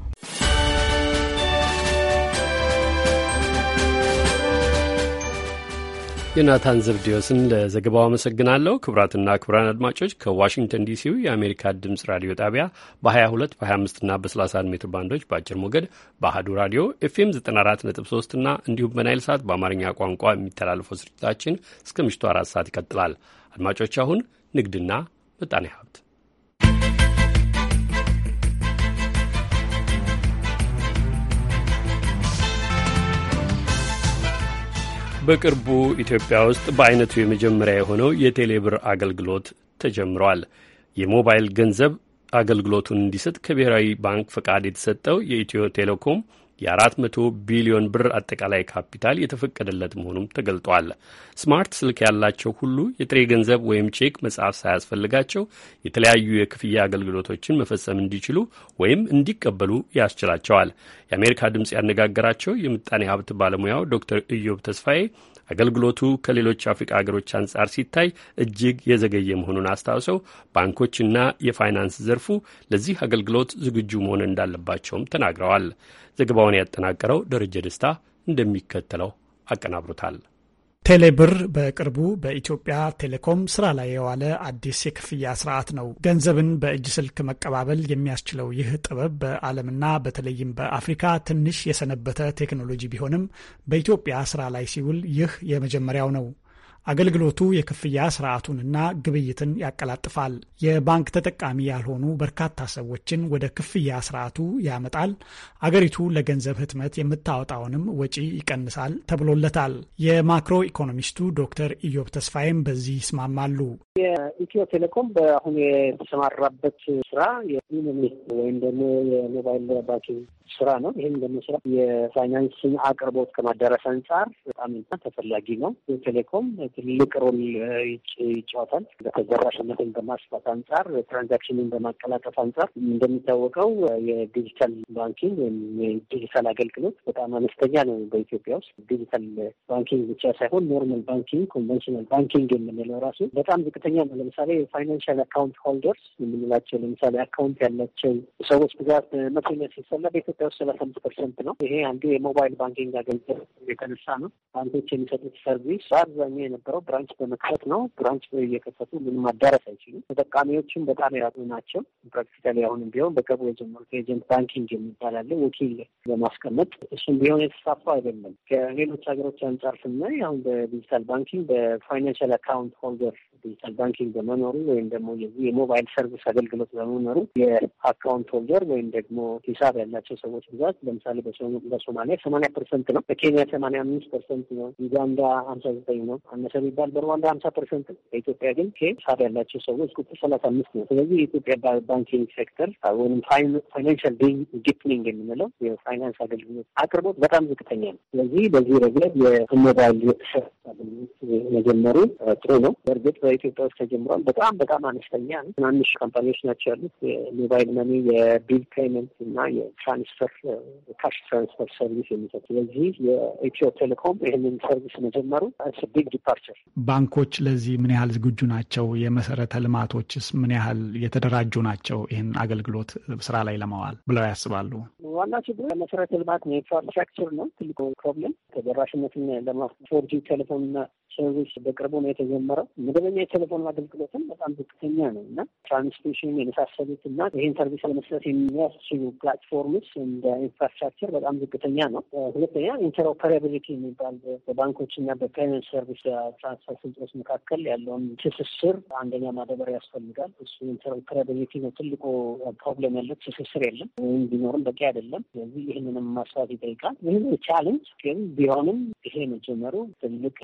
ዮናታን ዘብዴዎስን ለዘገባው አመሰግናለሁ። ክቡራትና ክቡራን አድማጮች ከዋሽንግተን ዲሲው የአሜሪካ ድምፅ ራዲዮ ጣቢያ በ22 በ25ና በ31 ሜትር ባንዶች በአጭር ሞገድ በአህዱ ራዲዮ ኤፍኤም 943 እና እንዲሁም በናይል ሰዓት በአማርኛ ቋንቋ የሚተላለፈው ስርጭታችን እስከ ምሽቱ አራት ሰዓት ይቀጥላል። አድማጮች አሁን ንግድና ምጣኔ ሀብት በቅርቡ ኢትዮጵያ ውስጥ በአይነቱ የመጀመሪያ የሆነው የቴሌብር አገልግሎት ተጀምሯል። የሞባይል ገንዘብ አገልግሎቱን እንዲሰጥ ከብሔራዊ ባንክ ፈቃድ የተሰጠው የኢትዮ ቴሌኮም የ400 ቢሊዮን ብር አጠቃላይ ካፒታል የተፈቀደለት መሆኑም ተገልጧል። ስማርት ስልክ ያላቸው ሁሉ የጥሬ ገንዘብ ወይም ቼክ መጻፍ ሳያስፈልጋቸው የተለያዩ የክፍያ አገልግሎቶችን መፈጸም እንዲችሉ ወይም እንዲቀበሉ ያስችላቸዋል። የአሜሪካ ድምፅ ያነጋገራቸው የምጣኔ ሀብት ባለሙያው ዶክተር እዮብ ተስፋዬ አገልግሎቱ ከሌሎች አፍሪቃ ሀገሮች አንጻር ሲታይ እጅግ የዘገየ መሆኑን አስታውሰው ባንኮችና የፋይናንስ ዘርፉ ለዚህ አገልግሎት ዝግጁ መሆን እንዳለባቸውም ተናግረዋል። ዘገባውን ያጠናቀረው ደረጀ ደስታ እንደሚከተለው አቀናብሮታል። ቴሌብር በቅርቡ በኢትዮጵያ ቴሌኮም ስራ ላይ የዋለ አዲስ የክፍያ ስርዓት ነው። ገንዘብን በእጅ ስልክ መቀባበል የሚያስችለው ይህ ጥበብ በዓለምና በተለይም በአፍሪካ ትንሽ የሰነበተ ቴክኖሎጂ ቢሆንም በኢትዮጵያ ስራ ላይ ሲውል ይህ የመጀመሪያው ነው። አገልግሎቱ የክፍያ ስርዓቱንና ግብይትን ያቀላጥፋል። የባንክ ተጠቃሚ ያልሆኑ በርካታ ሰዎችን ወደ ክፍያ ስርዓቱ ያመጣል። አገሪቱ ለገንዘብ ህትመት የምታወጣውንም ወጪ ይቀንሳል ተብሎለታል። የማክሮ ኢኮኖሚስቱ ዶክተር ኢዮብ ተስፋዬም በዚህ ይስማማሉ። የኢትዮ ቴሌኮም በአሁኑ የተሰማራበት ስራ የኢኮኖሚ ወይም ደግሞ የሞባይል ባኪ ስራ ነው። ይህም ደግሞ ስራ የፋይናንስን አቅርቦት ከማዳረስ አንጻር በጣም ተፈላጊ ነው። ቴሌኮም ትልቅ ሮል ይጫወታል። ተደራሽነትን በማስፋት አንጻር፣ ትራንዛክሽንን በማቀላጠፍ አንጻር እንደሚታወቀው የዲጂታል ባንኪንግ ወይም የዲጂታል አገልግሎት በጣም አነስተኛ ነው በኢትዮጵያ ውስጥ። ዲጂታል ባንኪንግ ብቻ ሳይሆን ኖርማል ባንኪንግ፣ ኮንቨንሽናል ባንኪንግ የምንለው ራሱ በጣም ዝቅተኛ ነው። ለምሳሌ የፋይናንሻል አካውንት ሆልደርስ የምንላቸው ለምሳሌ አካውንት ያላቸው ሰዎች ብዛት በመቶኛ ሲሰላ በኢትዮጵያ ውስጥ ሰላሳ አምስት ፐርሰንት ነው። ይሄ አንዱ የሞባይል ባንኪንግ አገልግሎት የተነሳ ነው። ባንኮች የሚሰጡት ሰርቪስ በአብዛኛው የነበረው ብራንች በመክፈት ነው። ብራንች እየከፈቱ ምንም ማዳረስ አይችሉም። ተጠቃሚዎችም በጣም የራሱ ናቸው። ፕራክቲካሊ አሁንም ቢሆን በቅርቡ የጀመሩት ኤጀንት ባንኪንግ የሚባል አለ። ወኪል በማስቀመጥ እሱም ቢሆን የተስፋፋ አይደለም። ከሌሎች ሀገሮች አንጻር ስናይ አሁን በዲጂታል ባንኪንግ በፋይናንሻል አካውንት ሆልደር ዲጂታል ባንኪንግ በመኖሩ ወይም ደግሞ የዚህ የሞባይል ሰርቪስ አገልግሎት በመኖሩ የአካውንት ሆልደር ወይም ደግሞ ሂሳብ ያላቸው ሰዎች ብዛት ለምሳሌ በሶማሊያ ሰማኒያ ፐርሰንት ነው። በኬንያ ሰማኒያ አምስት ፐርሰንት ነው። ዩጋንዳ ሀምሳ ዘጠኝ ነው። ቀነሰ የሚባል በሩዋንዳ ሀምሳ ፐርሰንት ነው። በኢትዮጵያ ግን ሂሳብ ያላቸው ሰዎች ቁጥር ሰላሳ አምስት ነው። ስለዚህ የኢትዮጵያ ባንኪንግ ሴክተር ወይም ፋይናንሻል ዲፕኒንግ የምንለው የፋይናንስ አገልግሎት አቅርቦት በጣም ዝቅተኛ ነው። ስለዚህ በዚህ ረገድ የሞባይል አገልግሎት መጀመሩ ጥሩ ነው። በእርግጥ በኢትዮጵያ ውስጥ ተጀምሯል። በጣም በጣም አነስተኛ ነው። ትናንሽ ካምፓኒዎች ናቸው ያሉት የሞባይል መኒ፣ የቢል ፔመንት እና የትራንስፈር ካሽ ትራንስፈር ሰርቪስ የሚሰጥ ስለዚህ የኢትዮ ቴሌኮም ይህንን ሰርቪስ መጀመሩ ቢግ ዲፓርት ስትራክቸር። ባንኮች ለዚህ ምን ያህል ዝግጁ ናቸው? የመሰረተ ልማቶችስ ምን ያህል የተደራጁ ናቸው? ይህን አገልግሎት ስራ ላይ ለማዋል ብለው ያስባሉ? ዋና ችግሩ መሰረተ ልማት ኢንፍራስትራክቸር ነው። ትልቁ ፕሮብለም ተደራሽነትን ለማፎርጂ ቴሌፎንና ሰርቪስ በቅርቡ ነው የተጀመረው። መደበኛ የቴሌፎን አገልግሎትም በጣም ዝቅተኛ ነው እና ትራንስሚሽን የመሳሰሉት እና ይህን ሰርቪስ ለመስጠት የሚያስችሉ ፕላትፎርምስ እንደ ኢንፍራስትራክቸር በጣም ዝቅተኛ ነው። ሁለተኛ ኢንተርኦፐራቢሊቲ የሚባል በባንኮች እና በፔመንት ሰርቪስ ትራንስፈር ስልጦች መካከል ያለውን ትስስር አንደኛ ማዳበር ያስፈልጋል። እሱ ኢንተርኦፕራቢሊቲ ነው ትልቁ ፕሮብለም ያለው ትስስር የለም ወይም ቢኖርም በቂ አይደለም። ስለዚህ ይህንንም ማስፋት ይጠይቃል። ይህ ቻለንጅ ግን ቢሆንም ይሄ መጀመሩ ትልቅ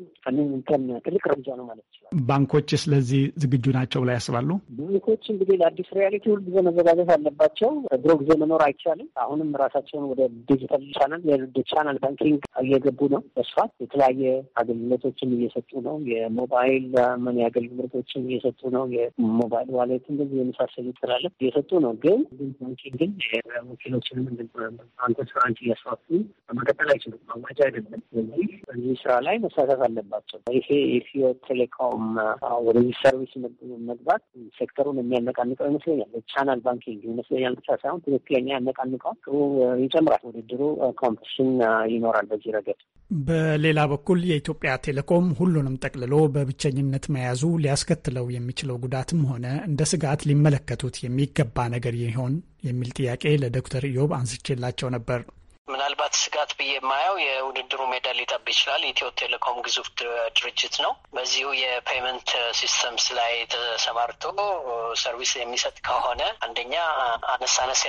ትልቅ እርምጃ ነው ማለት ይችላል። ባንኮች ስለዚህ ዝግጁ ናቸው ብላ ያስባሉ? ባንኮች እንግዲህ ለአዲስ ሪያሊቲ ሁል ጊዜ መዘጋጀት አለባቸው። ድሮ ጊዜ መኖር አይቻልም። አሁንም ራሳቸውን ወደ ዲጂታል ቻናል የቻናል ባንኪንግ እየገቡ ነው። በስፋት የተለያየ አገልግሎቶችን እየሰጡ እየሰጡ ነው። የሞባይል ምን አገልግሎቶችን እየሰጡ ነው። የሞባይል ዋሌት እንደዚህ የመሳሰሉ ይችላለ እየሰጡ ነው። ግን ግን ባንኪንግ ግን ወኪሎችንም ባንኮች ብራንች እያስፋፉ መቀጠል አይችሉም። ማዋጫ አይደለም። ስለዚህ በዚህ ስራ ላይ መሳተፍ አለባቸው። ይሄ የኢትዮ ቴሌኮም ወደዚህ ሰርቪስ መግባት ሴክተሩን የሚያነቃንቀው ይመስለኛል። ቻናል ባንኪንግ ይመስለኛል ብቻ ሳይሆን ትክክለኛ ያነቃንቀው ጥሩ ይጨምራል። ውድድሩ ኮምፕሽን ይኖራል በዚህ ረገድ። በሌላ በኩል የኢትዮጵያ ቴሌኮም ሁሉ ሁሉንም ጠቅልሎ በብቸኝነት መያዙ ሊያስከትለው የሚችለው ጉዳትም ሆነ እንደ ስጋት ሊመለከቱት የሚገባ ነገር ይሆን የሚል ጥያቄ ለዶክተር ኢዮብ አንስቼላቸው ነበር። ምናልባት ስጋት ብዬ የማየው የውድድሩ ሜዳ ሊጠብ ይችላል። ኢትዮ ቴሌኮም ግዙፍ ድርጅት ነው። በዚሁ የፔመንት ሲስተምስ ላይ ተሰማርቶ ሰርቪስ የሚሰጥ ከሆነ አንደኛ አነስ አነስ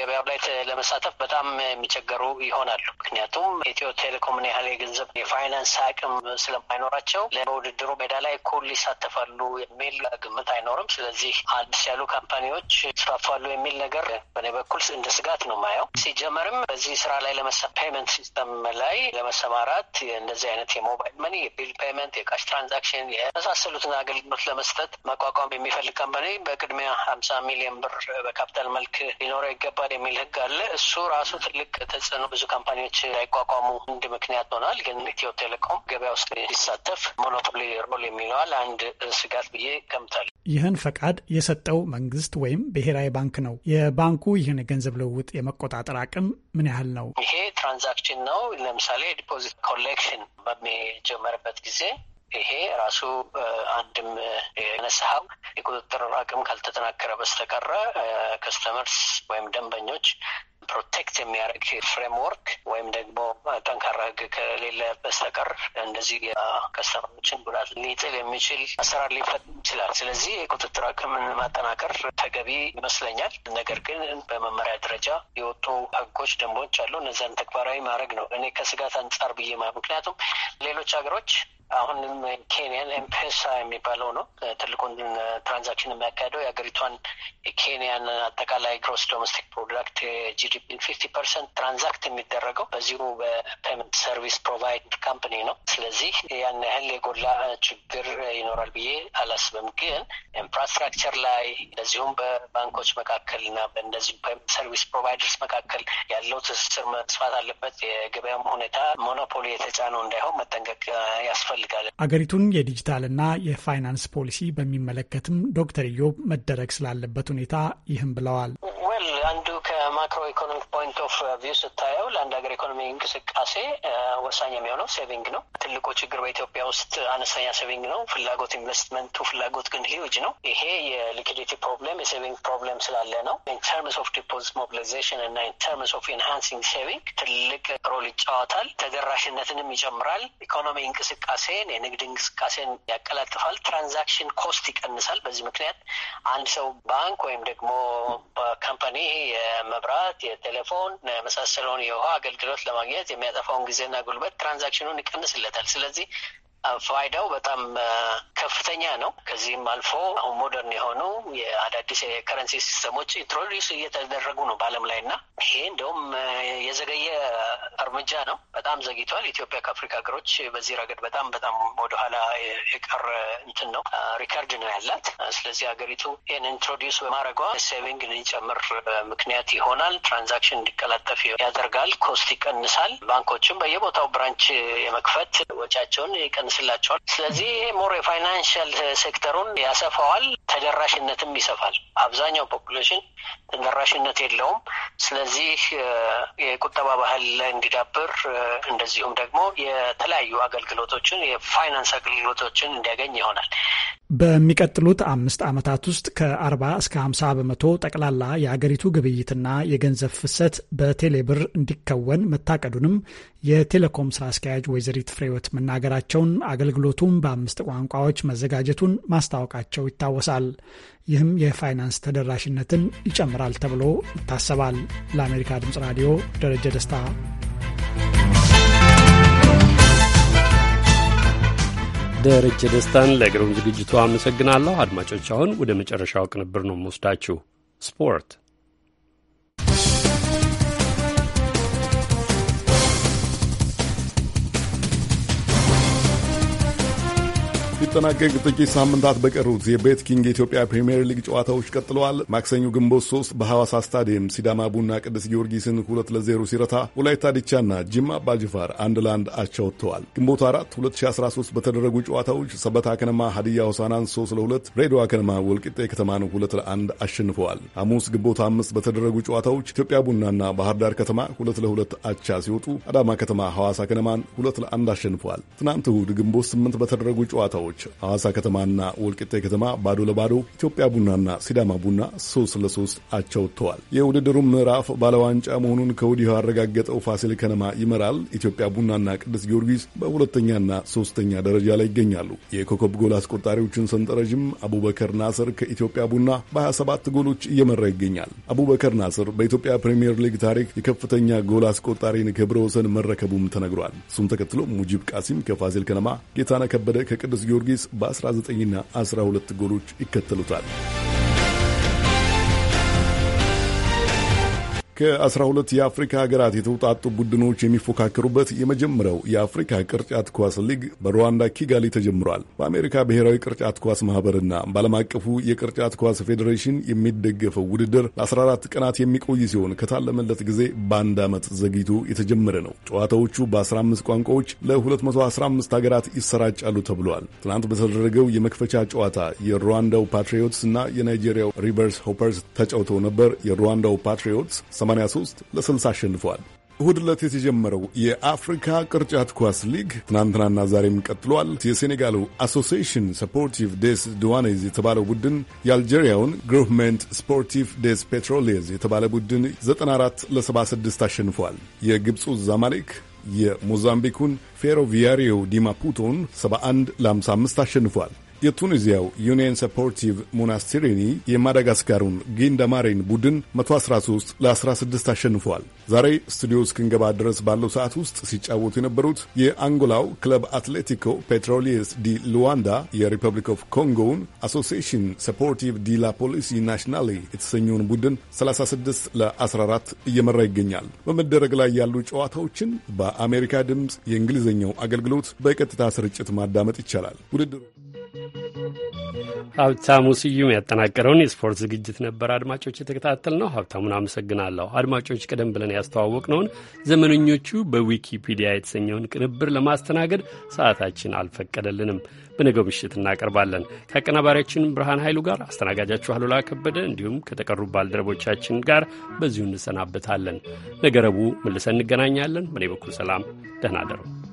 ገበያው ላይ ለመሳተፍ በጣም የሚቸገሩ ይሆናሉ። ምክንያቱም ኢትዮ ቴሌኮምን ያህል የገንዘብ የፋይናንስ አቅም ስለማይኖራቸው በውድድሩ ሜዳ ላይ እኩል ይሳተፋሉ የሚል ግምት አይኖርም። ስለዚህ አዲስ ያሉ ካምፓኒዎች ይስፋፋሉ የሚል ነገር በእኔ በኩል እንደ ስጋት ነው ማየው ሲጀመርም በዚህ ስራ ላይ ፔመንት ሲስተም ላይ ለመሰማራት እንደዚህ አይነት የሞባይል መኒ፣ የቢል ፔመንት፣ የካሽ ትራንዛክሽን የመሳሰሉትን አገልግሎት ለመስጠት መቋቋም የሚፈልግ ካምፓኒ በቅድሚያ ሀምሳ ሚሊዮን ብር በካፒታል መልክ ሊኖረው ይገባል የሚል ህግ አለ። እሱ ራሱ ትልቅ ተጽዕኖ ብዙ ካምፓኒዎች ላይቋቋሙ እንድ ምክንያት ሆናል። ግን ኢትዮ ቴሌኮም ገበያ ውስጥ ሲሳተፍ ሞኖፖሊ ሮል የሚለዋል አንድ ስጋት ብዬ ገምታል። ይህን ፈቃድ የሰጠው መንግስት ወይም ብሔራዊ ባንክ ነው። የባንኩ ይህን የገንዘብ ልውውጥ የመቆጣጠር አቅም ምን ያህል ነው? ይሄ ትራንዛክሽን ነው። ለምሳሌ ዲፖዚት ኮሌክሽን በሚጀመርበት ጊዜ ይሄ ራሱ አንድም የነሳሀው የቁጥጥር አቅም ካልተጠናከረ በስተቀረ ከስተመርስ ወይም ደንበኞች ፕሮቴክት የሚያደርግ ፍሬምወርክ ወይም ደግሞ ጠንካራ ህግ ከሌለ በስተቀር እንደዚህ የከስተመሮችን ጉዳት ሊጥል የሚችል አሰራር ሊፈጥ ይችላል። ስለዚህ የቁጥጥር አቅምን ማጠናከር ተገቢ ይመስለኛል። ነገር ግን በመመሪያ ደረጃ የወጡ ህጎች፣ ደንቦች አሉ። እነዚያን ተግባራዊ ማድረግ ነው እኔ ከስጋት አንጻር ብዬ ማ ምክንያቱም ሌሎች ሀገሮች አሁንም ኬንያን ኤምፔሳ የሚባለው ነው ትልቁን ትራንዛክሽን የሚያካሄደው የሀገሪቷን የኬንያን አጠቃላይ ግሮስ ዶሜስቲክ ፕሮዳክት የጂዲፒን ፊፍቲ ፐርሰንት ትራንዛክት የሚደረገው በዚሁ በፔመንት ሰርቪስ ፕሮቫይድ ካምፕኒ ነው። ስለዚህ ያን ያህል የጎላ ችግር ይኖራል ብዬ አላስብም። ግን ኢንፍራስትራክቸር ላይ እንደዚሁም በባንኮች መካከል እና በእነዚህ ፔመንት ሰርቪስ ፕሮቫይደርስ መካከል ያለው ትስስር መስፋት አለበት። የገበያም ሁኔታ ሞኖፖሊ የተጫነው እንዳይሆን መጠንቀቅ ያስፈ እንፈልጋለን። አገሪቱን የዲጂታልና የፋይናንስ ፖሊሲ በሚመለከትም ዶክተር ኢዮብ መደረግ ስላለበት ሁኔታ ይህም ብለዋል። አመል አንዱ ከማክሮ ኢኮኖሚክ ፖይንት ኦፍ ቪው ስታየው ለአንድ ሀገር ኢኮኖሚ እንቅስቃሴ ወሳኝ የሚሆነው ሴቪንግ ነው። ትልቁ ችግር በኢትዮጵያ ውስጥ አነስተኛ ሴቪንግ ነው። ፍላጎት ኢንቨስትመንቱ ፍላጎት ግን ሂውጅ ነው። ይሄ የሊኩዲቲ ፕሮብሌም የሴቪንግ ፕሮብሌም ስላለ ነው። ኢንተርምስ ኦፍ ዲፖዚት ሞቢላይዜሽን እና ኢንተርምስ ኦፍ ኢንሃንሲንግ ሴቪንግ ትልቅ ሮል ይጫወታል። ተደራሽነትንም ይጨምራል። ኢኮኖሚ እንቅስቃሴን የንግድ እንቅስቃሴን ያቀላጥፋል። ትራንዛክሽን ኮስት ይቀንሳል። በዚህ ምክንያት አንድ ሰው ባንክ ወይም ደግሞ ካምፓኒ የመብራት፣ የቴሌፎን የመሳሰለውን የውሃ አገልግሎት ለማግኘት የሚያጠፋውን ጊዜና ጉልበት ትራንዛክሽኑን ይቀንስለታል። ስለዚህ ፋይዳው በጣም ከፍተኛ ነው። ከዚህም አልፎ አሁን ሞደርን የሆኑ የአዳዲስ የከረንሲ ሲስተሞች ኢንትሮዲስ እየተደረጉ ነው በዓለም ላይ እና ይሄ እንደውም የዘገየ እርምጃ ነው። በጣም ዘግይቷል። ኢትዮጵያ ከአፍሪካ ሀገሮች በዚህ ረገድ በጣም በጣም ወደኋላ የቀረ እንትን ነው ሪከርድ ነው ያላት። ስለዚህ ሀገሪቱ ይህን ኢንትሮዲስ በማድረጓ ሴቪንግ እንዲጨምር ምክንያት ይሆናል። ትራንዛክሽን እንዲቀላጠፍ ያደርጋል። ኮስት ይቀንሳል። ባንኮችም በየቦታው ብራንች የመክፈት ወጪያቸውን ይቀንሳል ይቀንስላቸዋል። ስለዚህ ይሄ ሞር የፋይናንሽል ሴክተሩን ያሰፋዋል፣ ተደራሽነትም ይሰፋል። አብዛኛው ፖፕሌሽን ተደራሽነት የለውም። ስለዚህ የቁጠባ ባህል እንዲዳብር እንደዚሁም ደግሞ የተለያዩ አገልግሎቶችን የፋይናንስ አገልግሎቶችን እንዲያገኝ ይሆናል። በሚቀጥሉት አምስት ዓመታት ውስጥ ከአርባ እስከ ሀምሳ በመቶ ጠቅላላ የአገሪቱ ግብይትና የገንዘብ ፍሰት በቴሌብር እንዲከወን መታቀዱንም የቴሌኮም ስራ አስኪያጅ ወይዘሪት ፍሬወት መናገራቸውን አገልግሎቱም በአምስት ቋንቋዎች መዘጋጀቱን ማስታወቃቸው ይታወሳል። ይህም የፋይናንስ ተደራሽነትን ይጨምራል ተብሎ ይታሰባል። ለአሜሪካ ድምፅ ራዲዮ ደረጀ ደስታ። ደረጀ ደስታን ለግሩም ዝግጅቱ አመሰግናለሁ። አድማጮች፣ አሁን ወደ መጨረሻው ቅንብር ነው የምወስዳችሁ ስፖርት ሊጠናቀቅ ጥቂት ሳምንታት በቀሩት የቤት ኪንግ የኢትዮጵያ ፕሪምየር ሊግ ጨዋታዎች ቀጥለዋል። ማክሰኞ ግንቦት 3 በሐዋሳ ስታዲየም ሲዳማ ቡና ቅዱስ ጊዮርጊስን 2 ለ0 ሲረታ ወላይታ ዲቻና ጅማ አባጅፋር አንድ ለአንድ አቻ ወጥተዋል። ግንቦት 4 2013 በተደረጉ ጨዋታዎች ሰበታ ከነማ ሀዲያ ሆሳናን 3 ለ2፣ ሬዲዋ ከነማ ወልቂጤ ከተማን 2 ለ1 አሸንፈዋል። ሐሙስ ግንቦት 5 በተደረጉ ጨዋታዎች ኢትዮጵያ ቡናና ባህር ዳር ከተማ 2 ለ2 አቻ ሲወጡ አዳማ ከተማ ሐዋሳ ከነማን 2 ለ1 አሸንፈዋል። ትናንት እሁድ ግንቦት 8 በተደረጉ ጨዋታዎች ውጤቶች ሐዋሳ ከተማና ወልቅጤ ከተማ ባዶ ለባዶ፣ ኢትዮጵያ ቡናና ሲዳማ ቡና ሶስት ለሶስት አቻ ወጥተዋል። የውድድሩም ምዕራፍ ባለዋንጫ መሆኑን ከወዲሁ ያረጋገጠው ፋሲል ከነማ ይመራል። ኢትዮጵያ ቡናና ቅዱስ ጊዮርጊስ በሁለተኛና ሶስተኛ ደረጃ ላይ ይገኛሉ። የኮከብ ጎል አስቆጣሪዎችን ሰንጠረዥም አቡበከር ናስር ከኢትዮጵያ ቡና በ27 ጎሎች እየመራ ይገኛል። አቡበከር ናስር በኢትዮጵያ ፕሪምየር ሊግ ታሪክ የከፍተኛ ጎል አስቆጣሪን ክብረ ወሰን መረከቡም ተነግሯል። እሱም ተከትሎ ሙጂብ ቃሲም ከፋሲል ከነማ፣ ጌታነ ከበደ ከቅዱስ ጊዮርጊስ ጊዮርጊስ በ19ና 12 ጎሎች ይከተሉታል። ከ12 የአፍሪካ ሀገራት የተውጣጡ ቡድኖች የሚፎካከሩበት የመጀመሪያው የአፍሪካ ቅርጫት ኳስ ሊግ በሩዋንዳ ኪጋሊ ተጀምሯል። በአሜሪካ ብሔራዊ ቅርጫት ኳስ ማህበርና በዓለም አቀፉ የቅርጫት ኳስ ፌዴሬሽን የሚደገፈው ውድድር ለ14 ቀናት የሚቆይ ሲሆን ከታለመለት ጊዜ በአንድ ዓመት ዘግይቶ የተጀመረ ነው። ጨዋታዎቹ በ15 ቋንቋዎች ለ215 ሀገራት ይሰራጫሉ ተብሏል። ትናንት በተደረገው የመክፈቻ ጨዋታ የሩዋንዳው ፓትሪዮትስ እና የናይጄሪያው ሪቨርስ ሆፐርስ ተጫውተው ነበር። የሩዋንዳው ፓትሪዮትስ 83 ለ60 አሸንፈዋል። እሁድ ዕለት የተጀመረው የአፍሪካ ቅርጫት ኳስ ሊግ ትናንትናና ዛሬም ቀጥሏል። የሴኔጋሉ አሶሲሽን ስፖርቲቭ ዴስ ድዋኔዝ የተባለው ቡድን የአልጄሪያውን ግሩፕመንት ስፖርቲቭ ዴስ ፔትሮሌዝ የተባለ ቡድን 94 ለ76 አሸንፏል። የግብፁ ዛማሌክ የሞዛምቢኩን ፌሮቪያሪዮ ዲማፑቶን 71 ለ55 አሸንፏል። የቱኒዚያው ዩኒየን ሰፖርቲቭ ሙናስቲሪኒ የማዳጋስካሩን ጊንደማሬን ቡድን 113 ለ16 አሸንፏል። ዛሬ ስቱዲዮ እስክንገባ ድረስ ባለው ሰዓት ውስጥ ሲጫወቱ የነበሩት የአንጎላው ክለብ አትሌቲኮ ፔትሮሊየስ ዲ ሉዋንዳ የሪፐብሊክ ኦፍ ኮንጎውን አሶሲሽን ሰፖርቲቭ ዲ ላ ፖሊሲ ናሽናሌ የተሰኘውን ቡድን 36 ለ14 እየመራ ይገኛል። በመደረግ ላይ ያሉ ጨዋታዎችን በአሜሪካ ድምፅ የእንግሊዝኛው አገልግሎት በቀጥታ ስርጭት ማዳመጥ ይቻላል። ውድድሩ ሀብታሙ ስዩም ያጠናቀረውን የስፖርት ዝግጅት ነበር አድማጮች የተከታተል ነው። ሀብታሙን አመሰግናለሁ። አድማጮች ቀደም ብለን ያስተዋወቅ ነውን ዘመነኞቹ በዊኪፒዲያ የተሰኘውን ቅንብር ለማስተናገድ ሰዓታችን አልፈቀደልንም። በነገው ምሽት እናቀርባለን። ከአቀናባሪያችን ብርሃን ኃይሉ ጋር አስተናጋጃችሁ አሉላ ከበደ እንዲሁም ከተቀሩ ባልደረቦቻችን ጋር በዚሁ እንሰናበታለን። ነገ ረቡዕ መልሰን እንገናኛለን። በእኔ በኩል ሰላም፣ ደህና አደሩ።